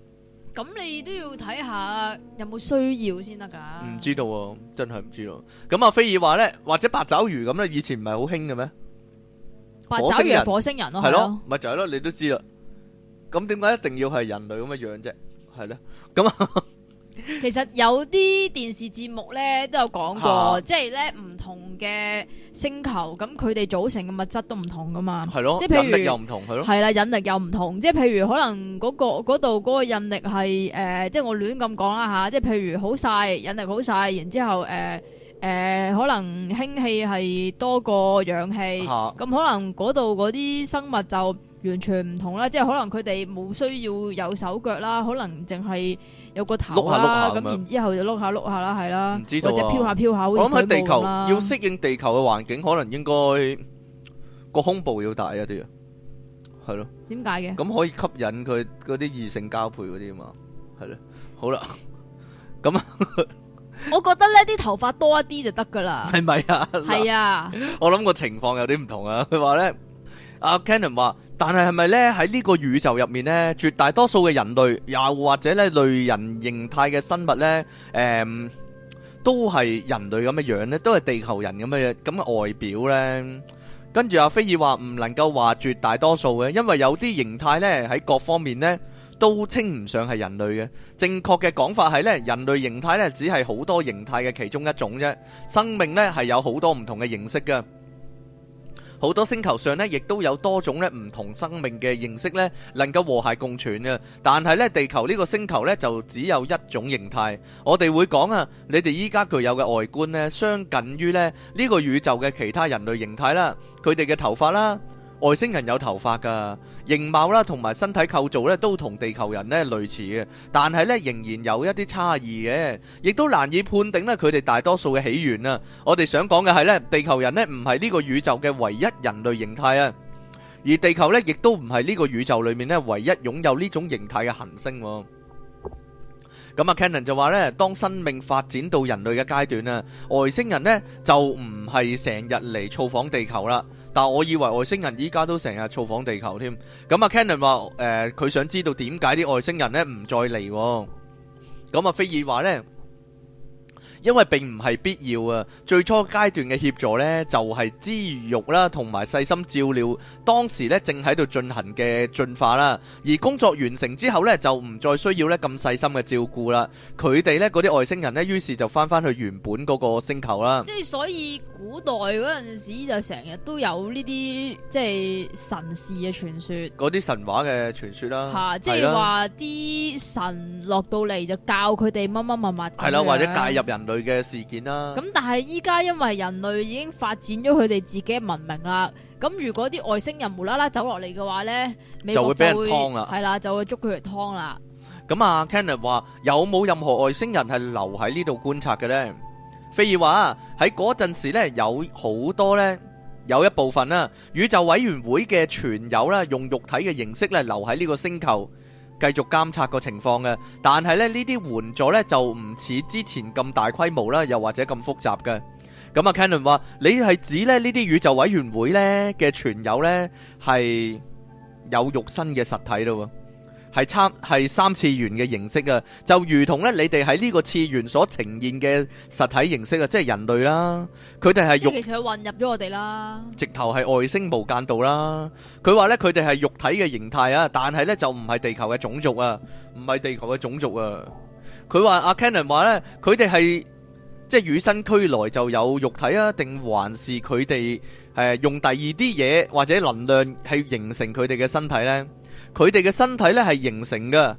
咁你都要睇下有冇需要先得噶。唔知道喎、啊，真係唔知道、啊。咁阿菲爾話咧，或者八爪魚咁咧，以前唔係好興嘅咩？八爪魚係火星人咯、啊，係咯了，咪了就係咯，你都知啦。咁點解一定要係人類咁嘅樣啫？係咧，咁啊。 其實有啲電視節目咧都有講過，啊、即係咧唔同嘅星球，咁佢哋組成嘅物質都唔同噶嘛。係咯，即係譬如，引力又唔同，係咯。係啦，引力又唔同，即係譬如可能嗰、嗰個度嗰、嗰個嗰個引力係誒、呃，即係我亂咁講啦吓，即係譬如好晒引力好晒，然之後誒誒、呃呃、可能氫氣係多過氧氣，咁、啊、可能嗰度嗰啲生物就完全唔同啦。即係可能佢哋冇需要有手腳啦，可能淨係。有個頭碌下碌下咁，然之後就碌下碌下啦，係啦，唔知或者飄下飄下嗰啲咁啦。講喺地球要適應地球嘅環境，可能應該個胸部要大一啲，係咯？點解嘅？咁可以吸引佢嗰啲異性交配嗰啲嘛？係咯，好啦，咁啊，我覺得咧啲頭髮多一啲就得噶啦，係咪啊？係啊，我諗個情況有啲唔同啊，佢話咧。阿 Cannon 話：但係係咪咧喺呢個宇宙入面咧，絕大多數嘅人類，又或者咧類人形態嘅生物咧，誒，都係人類咁嘅樣咧，都係地球人咁嘅咁嘅外表咧。跟住阿飛爾話：唔能夠話絕大多數嘅，因為有啲形態咧喺各方面咧都稱唔上係人類嘅。正確嘅講法係咧，人類形態咧只係好多形態嘅其中一種啫。生命咧係有好多唔同嘅形式嘅。好多星球上咧，亦都有多種咧唔同生命嘅形式咧，能夠和諧共存嘅。但係咧，地球呢個星球咧就只有一種形態。我哋會講啊，你哋依家具有嘅外觀咧，相近於咧呢個宇宙嘅其他人類形態啦，佢哋嘅頭髮啦。外星人有頭髮㗎，形貌啦同埋身體構造咧都同地球人咧類似嘅，但係咧仍然有一啲差異嘅，亦都難以判定咧佢哋大多數嘅起源啊！我哋想講嘅係咧，地球人咧唔係呢個宇宙嘅唯一人類形態啊，而地球咧亦都唔係呢個宇宙裏面咧唯一擁有呢種形態嘅行星。咁啊，Cannon 就話咧，當生命發展到人類嘅階段啊，外星人咧就唔係成日嚟造訪地球啦。但我以為外星人依家都成日造訪地球添，咁啊 Cannon 話誒佢、呃、想知道點解啲外星人咧唔再嚟，咁啊菲爾話咧。因為並唔係必要啊！最初階段嘅協助咧，就係滋育啦，同埋細心照料當時咧正喺度進行嘅進化啦。而工作完成之後咧，就唔再需要咧咁細心嘅照顧啦。佢哋咧啲外星人咧，於是就翻翻去原本嗰個星球啦。即係所以古代嗰陣時就成日都有呢啲即係神事嘅傳說啲神話嘅傳說啦。吓、啊，即係話啲神落到嚟就教佢哋乜乜乜乜。係啦，或者介入人類嘅事件啦，咁但係依家因為人類已經發展咗佢哋自己嘅文明啦，咁如果啲外星人無啦啦走落嚟嘅話咧，就會俾人劏啦，係啦，就會捉佢嚟劏啦。咁啊，Kenneth 話有冇任何外星人係留喺呢度觀察嘅咧？菲爾話喺嗰陣時咧有好多咧，有一部分啦，宇宙委員會嘅全友咧用肉體嘅形式咧留喺呢個星球。繼續監測個情況嘅，但係咧呢啲援助呢就唔似之前咁大規模啦，又或者咁複雜嘅。咁啊 Kennan 話：你係指呢啲宇宙委員會呢嘅存有呢係有肉身嘅實體咯喎？係三係三次元嘅形式啊，就如同咧，你哋喺呢個次元所呈現嘅實體形式啊，即係人類啦，佢哋係肉，即係其實佢混入咗我哋啦，直頭係外星無間道啦。佢話咧，佢哋係肉體嘅形態啊，但係咧就唔係地球嘅種族啊，唔係地球嘅種族啊。佢話阿 Cannon 話咧，佢哋係即係與生俱來就有肉體啊，定還是佢哋誒用第二啲嘢或者能量去形成佢哋嘅身體咧？佢哋嘅身體咧係形成嘅，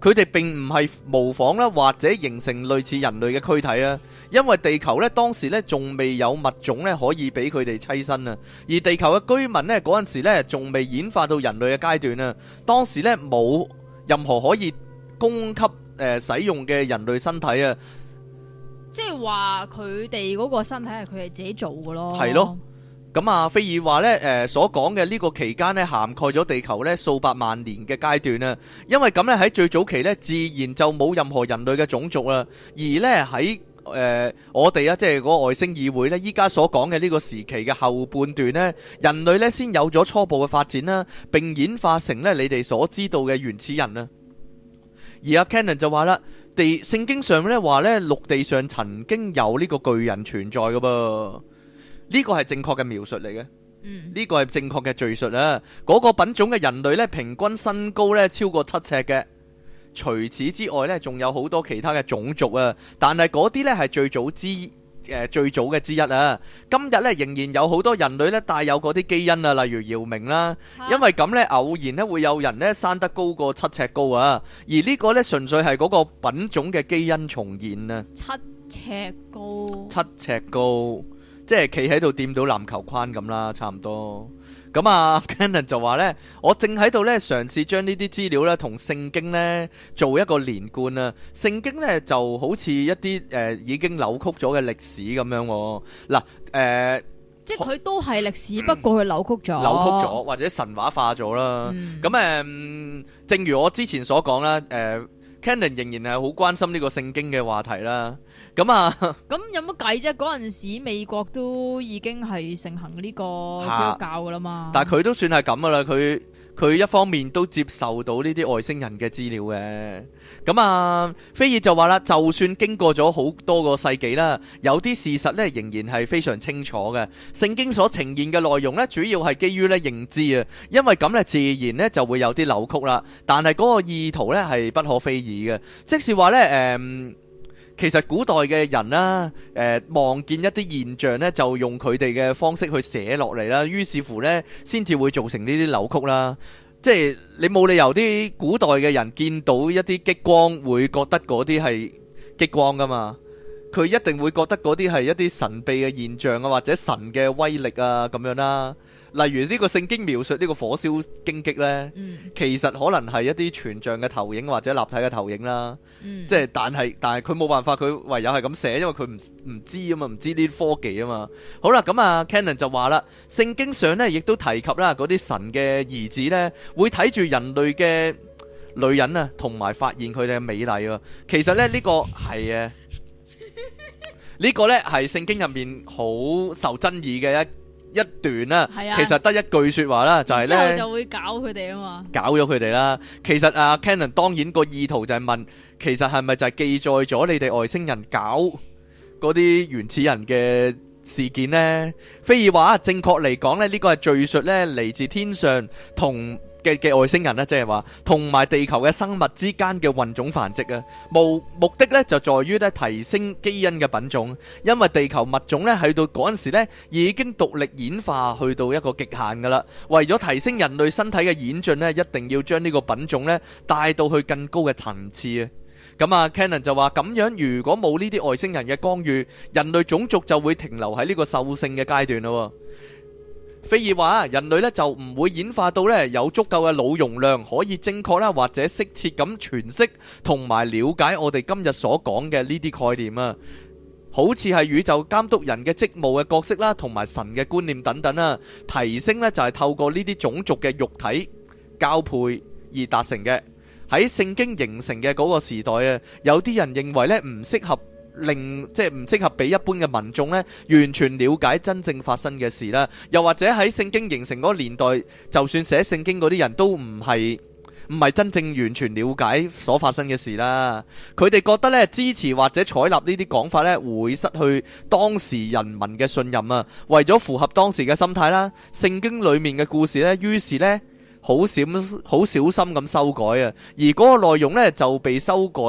佢哋並唔係模仿啦，或者形成類似人類嘅軀體啊。因為地球咧當時咧仲未有物種咧可以俾佢哋棲身啊。而地球嘅居民咧嗰陣時咧仲未演化到人類嘅階段啊。當時咧冇任何可以供給誒使用嘅人類身體啊。即係話佢哋嗰個身體係佢哋自己做嘅咯。係咯。咁啊，菲爾話呢，誒、呃、所講嘅呢個期間呢，涵蓋咗地球呢數百萬年嘅階段啊。因為咁呢，喺最早期呢，自然就冇任何人類嘅種族啦。而呢，喺誒、呃、我哋啊，即係嗰外星議會呢，依家所講嘅呢個時期嘅後半段呢，人類呢先有咗初步嘅發展啦，並演化成呢你哋所知道嘅原始人啦。而阿、啊、Cannon 就話啦，地聖經上呢話呢，陸地上曾經有呢個巨人存在㗎噃。呢個係正確嘅描述嚟嘅，呢個係正確嘅敘述啦、啊。嗰、那個品種嘅人類咧，平均身高咧超過七尺嘅。除此之外咧，仲有好多其他嘅種族啊。但係嗰啲咧係最早之誒、呃、最早嘅之一啦、啊。今日咧仍然有好多人類咧帶有嗰啲基因啊，例如姚明啦、啊。啊、因為咁咧，偶然咧會有人咧生得高過七尺高啊。而這個呢個咧純粹係嗰個品種嘅基因重現啊。七尺高。七尺高。即係企喺度掂到籃球框咁啦，差唔多。咁啊 Cannon 就話呢，我正喺度呢，嘗試將呢啲資料呢同聖經呢做一個連貫啊。聖經呢就好似一啲誒、呃、已經扭曲咗嘅歷史咁樣。嗱、啊、誒，呃、即係佢都係歷史，嗯、不過佢扭曲咗，扭曲咗或者神話化咗啦。咁誒、嗯呃，正如我之前所講啦，誒、呃。Cannon 仍然係好關心呢個聖經嘅話題啦，咁啊，咁有乜計啫？嗰陣時美國都已經係盛行呢個教㗎啦嘛，啊、但佢都算係咁㗎啦，佢。佢一方面都接受到呢啲外星人嘅資料嘅，咁啊，菲爾就話啦，就算經過咗好多個世紀啦，有啲事實呢仍然係非常清楚嘅。聖經所呈現嘅內容呢，主要係基於呢認知啊，因為咁呢，自然呢就會有啲扭曲啦。但係嗰個意圖呢，係不可非議嘅，即是話呢……嗯」其實古代嘅人啦，誒望見一啲現象呢，就用佢哋嘅方式去寫落嚟啦。於是乎呢，先至會造成呢啲扭曲啦。即係你冇理由啲古代嘅人見到一啲激光，會覺得嗰啲係激光㗎嘛？佢一定會覺得嗰啲係一啲神秘嘅現象啊，或者神嘅威力啊咁樣啦。例如呢個聖經描述呢個火燒荊棘呢，嗯、其實可能係一啲全像嘅投影或者立體嘅投影啦。嗯、即係但係但係佢冇辦法，佢唯有係咁寫，因為佢唔唔知啊嘛，唔知呢啲科技啊嘛。好啦，咁啊，Cannon 就話啦，聖經上呢，亦都提及啦，嗰啲神嘅兒子呢，會睇住人類嘅女人啊，同埋發現佢哋嘅美麗啊。其實咧呢、呢個係啊，呢 個呢係聖經入面好受爭議嘅一一段啦，啊，啊、其實得一句說話啦，就係、是、呢之後就會搞佢哋啊嘛，搞咗佢哋啦。其實啊，Canon 當然個意圖就係問，其實係咪就係記載咗你哋外星人搞嗰啲原始人嘅事件呢？非而」菲爾話正確嚟講呢，呢個係敘述呢，嚟自天上同嘅嘅外星人咧，即係話同埋地球嘅生物之間嘅混種繁殖啊，目目的咧就在於咧提升基因嘅品種，因為地球物種咧喺到嗰陣時咧已經獨立演化去到一個極限噶啦，為咗提升人類身體嘅演進咧，一定要將呢個品種咧帶到去更高嘅層次啊！咁啊，Cannon 就話咁樣，如果冇呢啲外星人嘅干預，人類種族就會停留喺呢個獸性嘅階段咯。非爾話人類呢，就唔會演化到咧有足夠嘅腦容量，可以正確啦或者適切咁詮釋同埋了解我哋今日所講嘅呢啲概念啊，好似係宇宙監督人嘅職務嘅角色啦，同埋神嘅觀念等等啊，提升呢，就係透過呢啲種族嘅肉體交配而達成嘅。喺聖經形成嘅嗰個時代啊，有啲人認為呢唔適合。令即係唔適合俾一般嘅民眾呢，完全了解真正發生嘅事啦。又或者喺聖經形成嗰個年代，就算寫聖經嗰啲人都唔係唔係真正完全了解所發生嘅事啦。佢哋覺得呢，支持或者採納呢啲講法呢，會失去當時人民嘅信任啊。為咗符合當時嘅心態啦，聖經裏面嘅故事呢，於是呢，好小好小心咁修改啊。而嗰個內容呢，就被修改。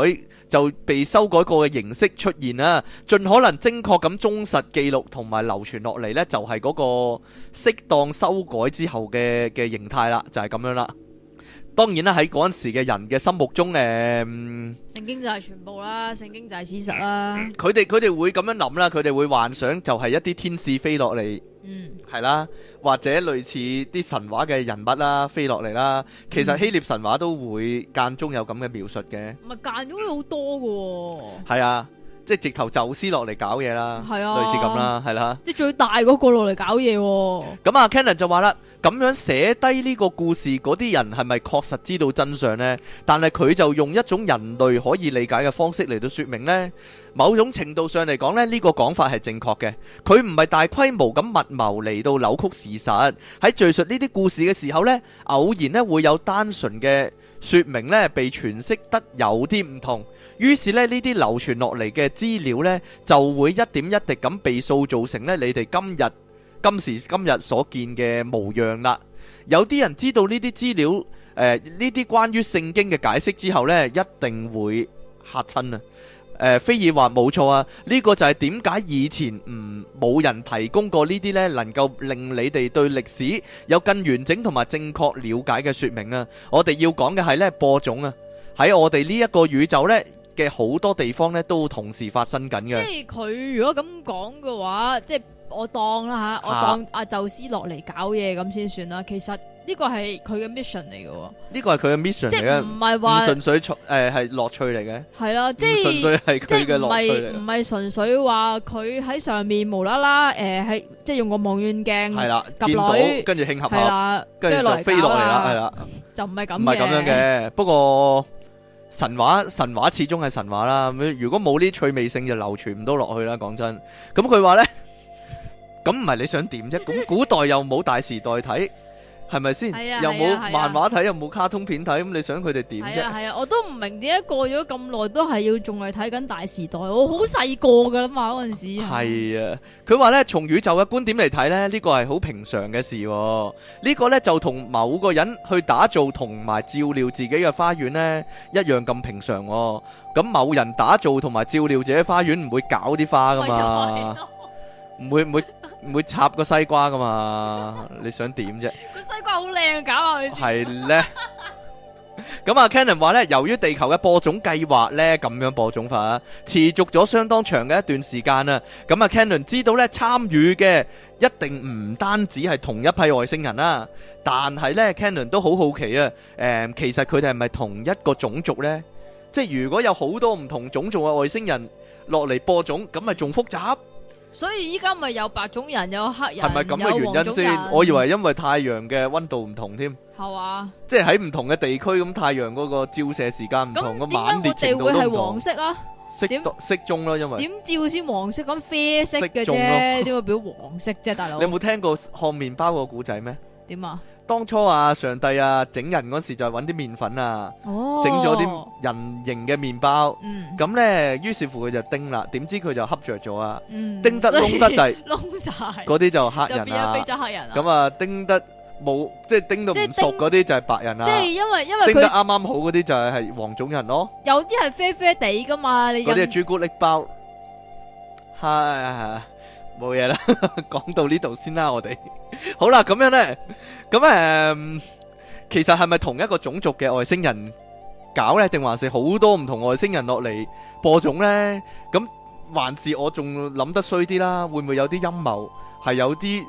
就被修改過嘅形式出現啦，盡可能精確咁忠實記錄同埋流傳落嚟咧，就係嗰個適當修改之後嘅嘅形態啦，就係咁樣啦。當然啦，喺嗰陣時嘅人嘅心目中，誒、嗯、聖經就係全部啦，聖經就係事實啦。佢哋佢哋會咁樣諗啦，佢哋會幻想就係一啲天使飛落嚟，嗯，係啦，或者類似啲神話嘅人物啦飛落嚟啦。其實希臘神話都會間中有咁嘅描述嘅，唔係、嗯、間中有好多嘅喎、哦。係啊。即係直頭宙斯落嚟搞嘢啦，係啊，類似咁啦，係啦、啊，即係最大嗰個落嚟搞嘢、啊。咁啊，Cannon 就話啦，咁樣寫低呢個故事嗰啲人係咪確實知道真相呢？但係佢就用一種人類可以理解嘅方式嚟到說明呢。某種程度上嚟講呢，呢、呢個講法係正確嘅。佢唔係大規模咁密謀嚟到扭曲事實。喺敘述呢啲故事嘅時候呢，偶然呢會有單純嘅。說明呢被詮釋得有啲唔同，於是呢啲流傳落嚟嘅資料呢，就會一點一滴咁被塑造成呢你哋今日今時今日所見嘅模樣啦。有啲人知道呢啲資料，誒呢啲關於聖經嘅解釋之後呢，一定會吓親啊！誒，菲爾話冇錯啊，呢個就係點解以前唔冇人提供過呢啲呢，能夠令你哋對歷史有更完整同埋正確了解嘅說明啊！我哋要講嘅係呢播種啊，喺我哋呢一個宇宙呢嘅好多地方呢都同時發生緊嘅。即係佢如果咁講嘅話，即係。我當啦、啊、吓，我當阿、啊、宙斯落嚟搞嘢咁先算啦。其實呢個係佢嘅 mission 嚟嘅，呢個係佢嘅 mission，即係唔係話純粹樂趣誒係樂趣嚟嘅。係啦、啊，即係純粹係佢嘅樂趣唔係純粹話佢喺上面無啦啦誒，係、呃、即係用個望遠鏡係啦，是啊、見到跟住慶合，合是、啊、下，跟住落飛落嚟啦，係啦，就唔係咁嘅。唔係咁樣嘅，不過神話神話始終係神話啦。如果冇呢趣味性，就流傳唔到落去啦。講真，咁佢話咧。咁唔係你想點啫？咁古代又冇大時代睇，係咪先？又冇漫畫睇，又冇卡通片睇，咁你想佢哋點啫？係啊，我都唔明點解過咗咁耐都係要仲係睇緊大時代。我好細個噶啦嘛，嗰陣時係啊。佢話咧，從宇宙嘅觀點嚟睇咧，呢個係好平常嘅事喎。呢個咧就同某個人去打造同埋照料自己嘅花園咧一樣咁平常喎。咁某人打造同埋照料自己花園，唔會搞啲花噶嘛？唔會唔會？唔會插個西瓜噶嘛？ 你想點啫？個 西瓜好靚，搞下係咧。咁啊，Cannon 話咧，由於地球嘅播種計劃咧，咁樣播種法持續咗相當長嘅一段時間啊。咁、嗯、啊，Cannon 知道咧，參與嘅一定唔單止係同一批外星人啦、啊。但係咧，Cannon 都好好奇啊。誒、其實佢哋係咪同一個種族咧？即係如果有好多唔同種族嘅外星人落嚟播種，咁咪仲複雜？ 所以依家咪有白種人，有黑人，有黃種人。係咪咁嘅原因先？我以為因為太陽嘅溫度唔同添。係哇吧。即係喺唔同嘅地區咁，太陽嗰個照射時間唔同咁，晚跌程度都唔同。咁點解我哋會係黃色啊？色色適適中啦，因為點照先黃色咁啡色嘅啫？點會變黃色啫？大佬，你有冇聽過烘麵包個古仔咩？點啊？當初啊，上帝啊，整人嗰時就揾啲麵粉啊，整咗啲人形嘅麵包。咁咧，於是乎佢就叮啦，點知佢就恰著咗啊！叮得燶得就係燶晒，嗰啲就黑人啊。咁啊，叮得冇即係叮到唔熟嗰啲就係白人啊。即係因為因為佢叮得啱啱好嗰啲就係係黃種人咯。有啲係啡啡地噶嘛，嗰啲朱古力包係。冇嘢啦，講到呢度先啦，我哋好啦，咁樣呢，咁誒，其實係咪同一個種族嘅外星人搞呢？定還是好多唔同外星人落嚟播種呢？咁還是我仲諗得衰啲啦？會唔會有啲陰謀？係有啲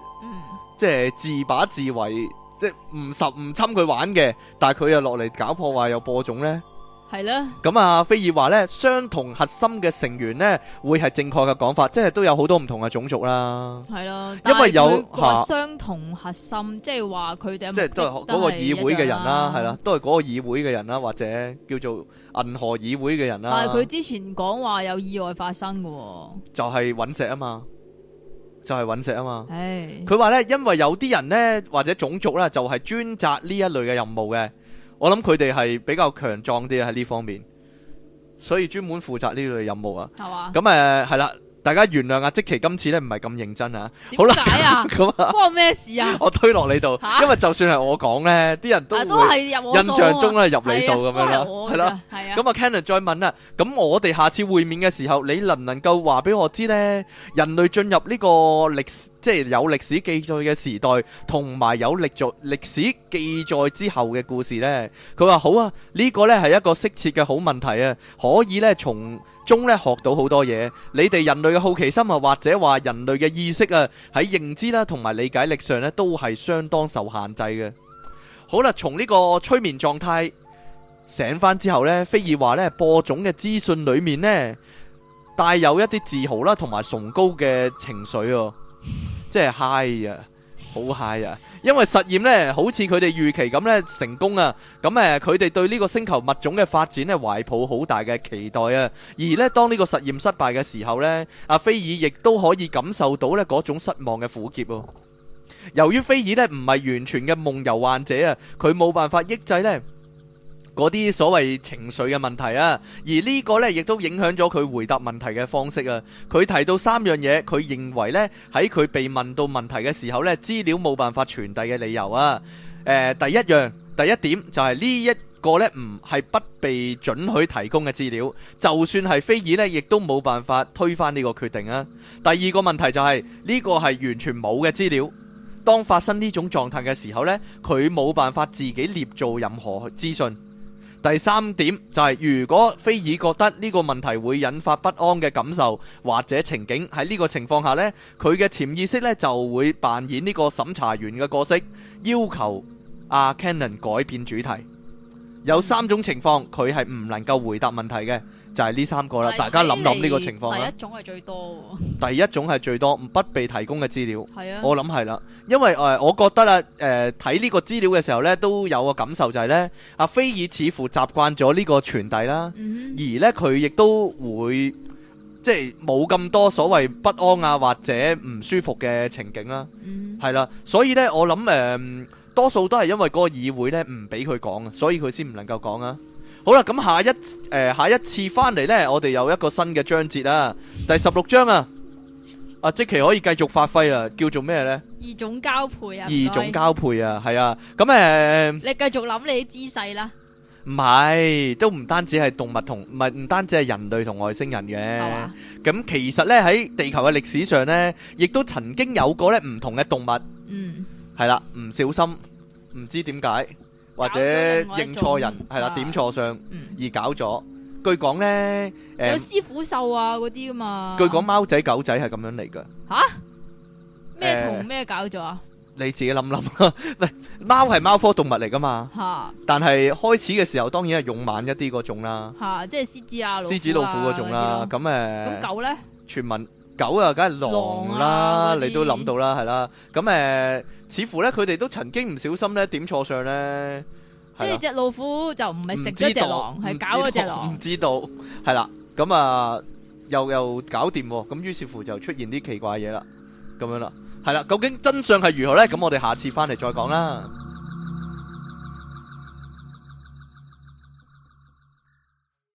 即係自把自為，即係唔實唔侵佢玩嘅，但係佢又落嚟搞破壞又播種呢？係啦，咁啊，菲爾話咧，相同核心嘅成員呢，會係正確嘅講法，即係都有好多唔同嘅種族啦。係咯，因為有吓相同核心，啊、的的即係話佢哋即係都係嗰個議會嘅人啦，係啦、啊，都係嗰個議會嘅人啦，或者叫做銀河議會嘅人啦。但係佢之前講話有意外發生喎、哦，就係隕石啊嘛，就係、是、隕石啊嘛。唉、哎，佢話咧，因為有啲人咧或者種族啦就係、是、專責呢一類嘅任務嘅。我諗佢哋係比較強壯啲喺呢方面，所以專門負責呢類任務啊。係咁誒，係啦、呃，大家原諒阿、啊、即期今次咧唔係咁認真好，點解啊？關我咩事啊？ 我推落你度，啊、因為就算係我講呢，啲人都，啊、都入印象中係入你數咁樣啦。係啦，係啊。咁啊，啊，啊，Cannon 再問啦。咁我哋下次會面嘅時候，你能唔能夠話俾我知呢？人類進入呢個歷史，即係有歷史記載嘅時代，同埋有歷歷史記載之後嘅故事呢，佢話好啊，呢個呢係一個適切嘅好問題啊，可以呢從中呢學到好多嘢。你哋人類嘅好奇心啊，或者話人類嘅意識啊，喺認知啦同埋理解力上呢，都係相當受限制嘅。好啦，啊，從呢個催眠狀態醒翻之後呢，菲爾話呢，播種嘅資訊裏面呢，帶有一啲自豪啦，同埋崇高嘅情緒啊。即係嗨啊，好嗨啊！因為實驗呢，好似佢哋預期咁成功啊，咁誒，佢哋對呢個星球物種嘅發展呢懷抱好大嘅期待啊。而呢，當呢個實驗失敗嘅時候呢，阿菲爾亦都可以感受到呢嗰種失望嘅苦澀喎。由於菲爾呢唔係完全嘅夢遊患者啊，佢冇辦法抑制呢嗰啲所謂情緒嘅問題啊，而呢個呢亦都影響咗佢回答問題嘅方式啊。佢提到三樣嘢，佢認為呢喺佢被問到問題嘅時候呢，資料冇辦法傳遞嘅理由啊。誒、呃，第一樣、第一點就係呢一個呢唔係不被準許提供嘅資料，就算係非議呢亦都冇辦法推翻呢個決定啊。第二個問題就係、是、呢、呢個係完全冇嘅資料。當發生呢種狀態嘅時候呢，佢冇辦法自己捏造任何資訊。第三點就係，如果菲爾覺得呢個問題會引發不安嘅感受或者情景，喺呢個情況下呢，佢嘅潛意識呢就會扮演呢個審查員嘅角色，要求阿 Cannon 改變主題。有三種情況，佢係唔能夠回答問題嘅。就係呢三個啦，大家諗諗呢個情況，第一種係最多。第一種係最多唔不被提供嘅資料。係啊、我諗係啦，因為誒、呃，我覺得啊，誒睇呢個資料嘅時候呢，都有個感受就係呢：阿菲爾似乎習慣咗呢個傳遞啦，嗯、哼而呢，佢亦都會即係冇咁多所謂不安啊或者唔舒服嘅情景啦。係啦、嗯哼，所以呢，我諗誒、呃、多數都係因為嗰個議會咧唔俾佢講，所以佢先唔能夠講啊。好啦，咁下一誒下一次翻嚟呢，我哋有一個新嘅章節啦，第十六章啊，阿即期可以繼續發揮啦，叫做咩呢？異種交配啊？異種交配啊，係啊，咁誒，你繼續諗你啲姿勢啦。唔係，都唔單止係動物同，唔係唔單止係人類同外星人嘅。咁其實呢喺地球嘅歷史上呢，亦都曾經有過呢唔同嘅動物。嗯，係啦，唔小心，唔知點解。或者認錯人係啦，點錯相而搞咗。據講咧，誒，有師傅獸啊嗰啲噶嘛。據講貓仔狗仔係咁樣嚟噶。吓？咩同咩搞咗啊？你自己諗諗，喂貓係貓科動物嚟噶嘛吓！但係開始嘅時候，當然係勇猛一啲嗰種啦。吓，即係獅子啊，獅子老虎嗰種啦。咁誒，咁狗咧？傳聞狗啊，梗係狼啦，你都諗到啦，係啦。咁誒。似乎咧，佢哋都曾經唔小心咧點錯相咧，相呢啊，即係隻老虎就唔係食咗隻狼，係搞咗隻狼。唔知道係啦，咁啊，嗯、又又搞掂，咁於是乎就出現啲奇怪嘢啦，咁樣啦，係啦、啊，究竟真相係如何咧？咁我哋下次翻嚟再講啦。嗯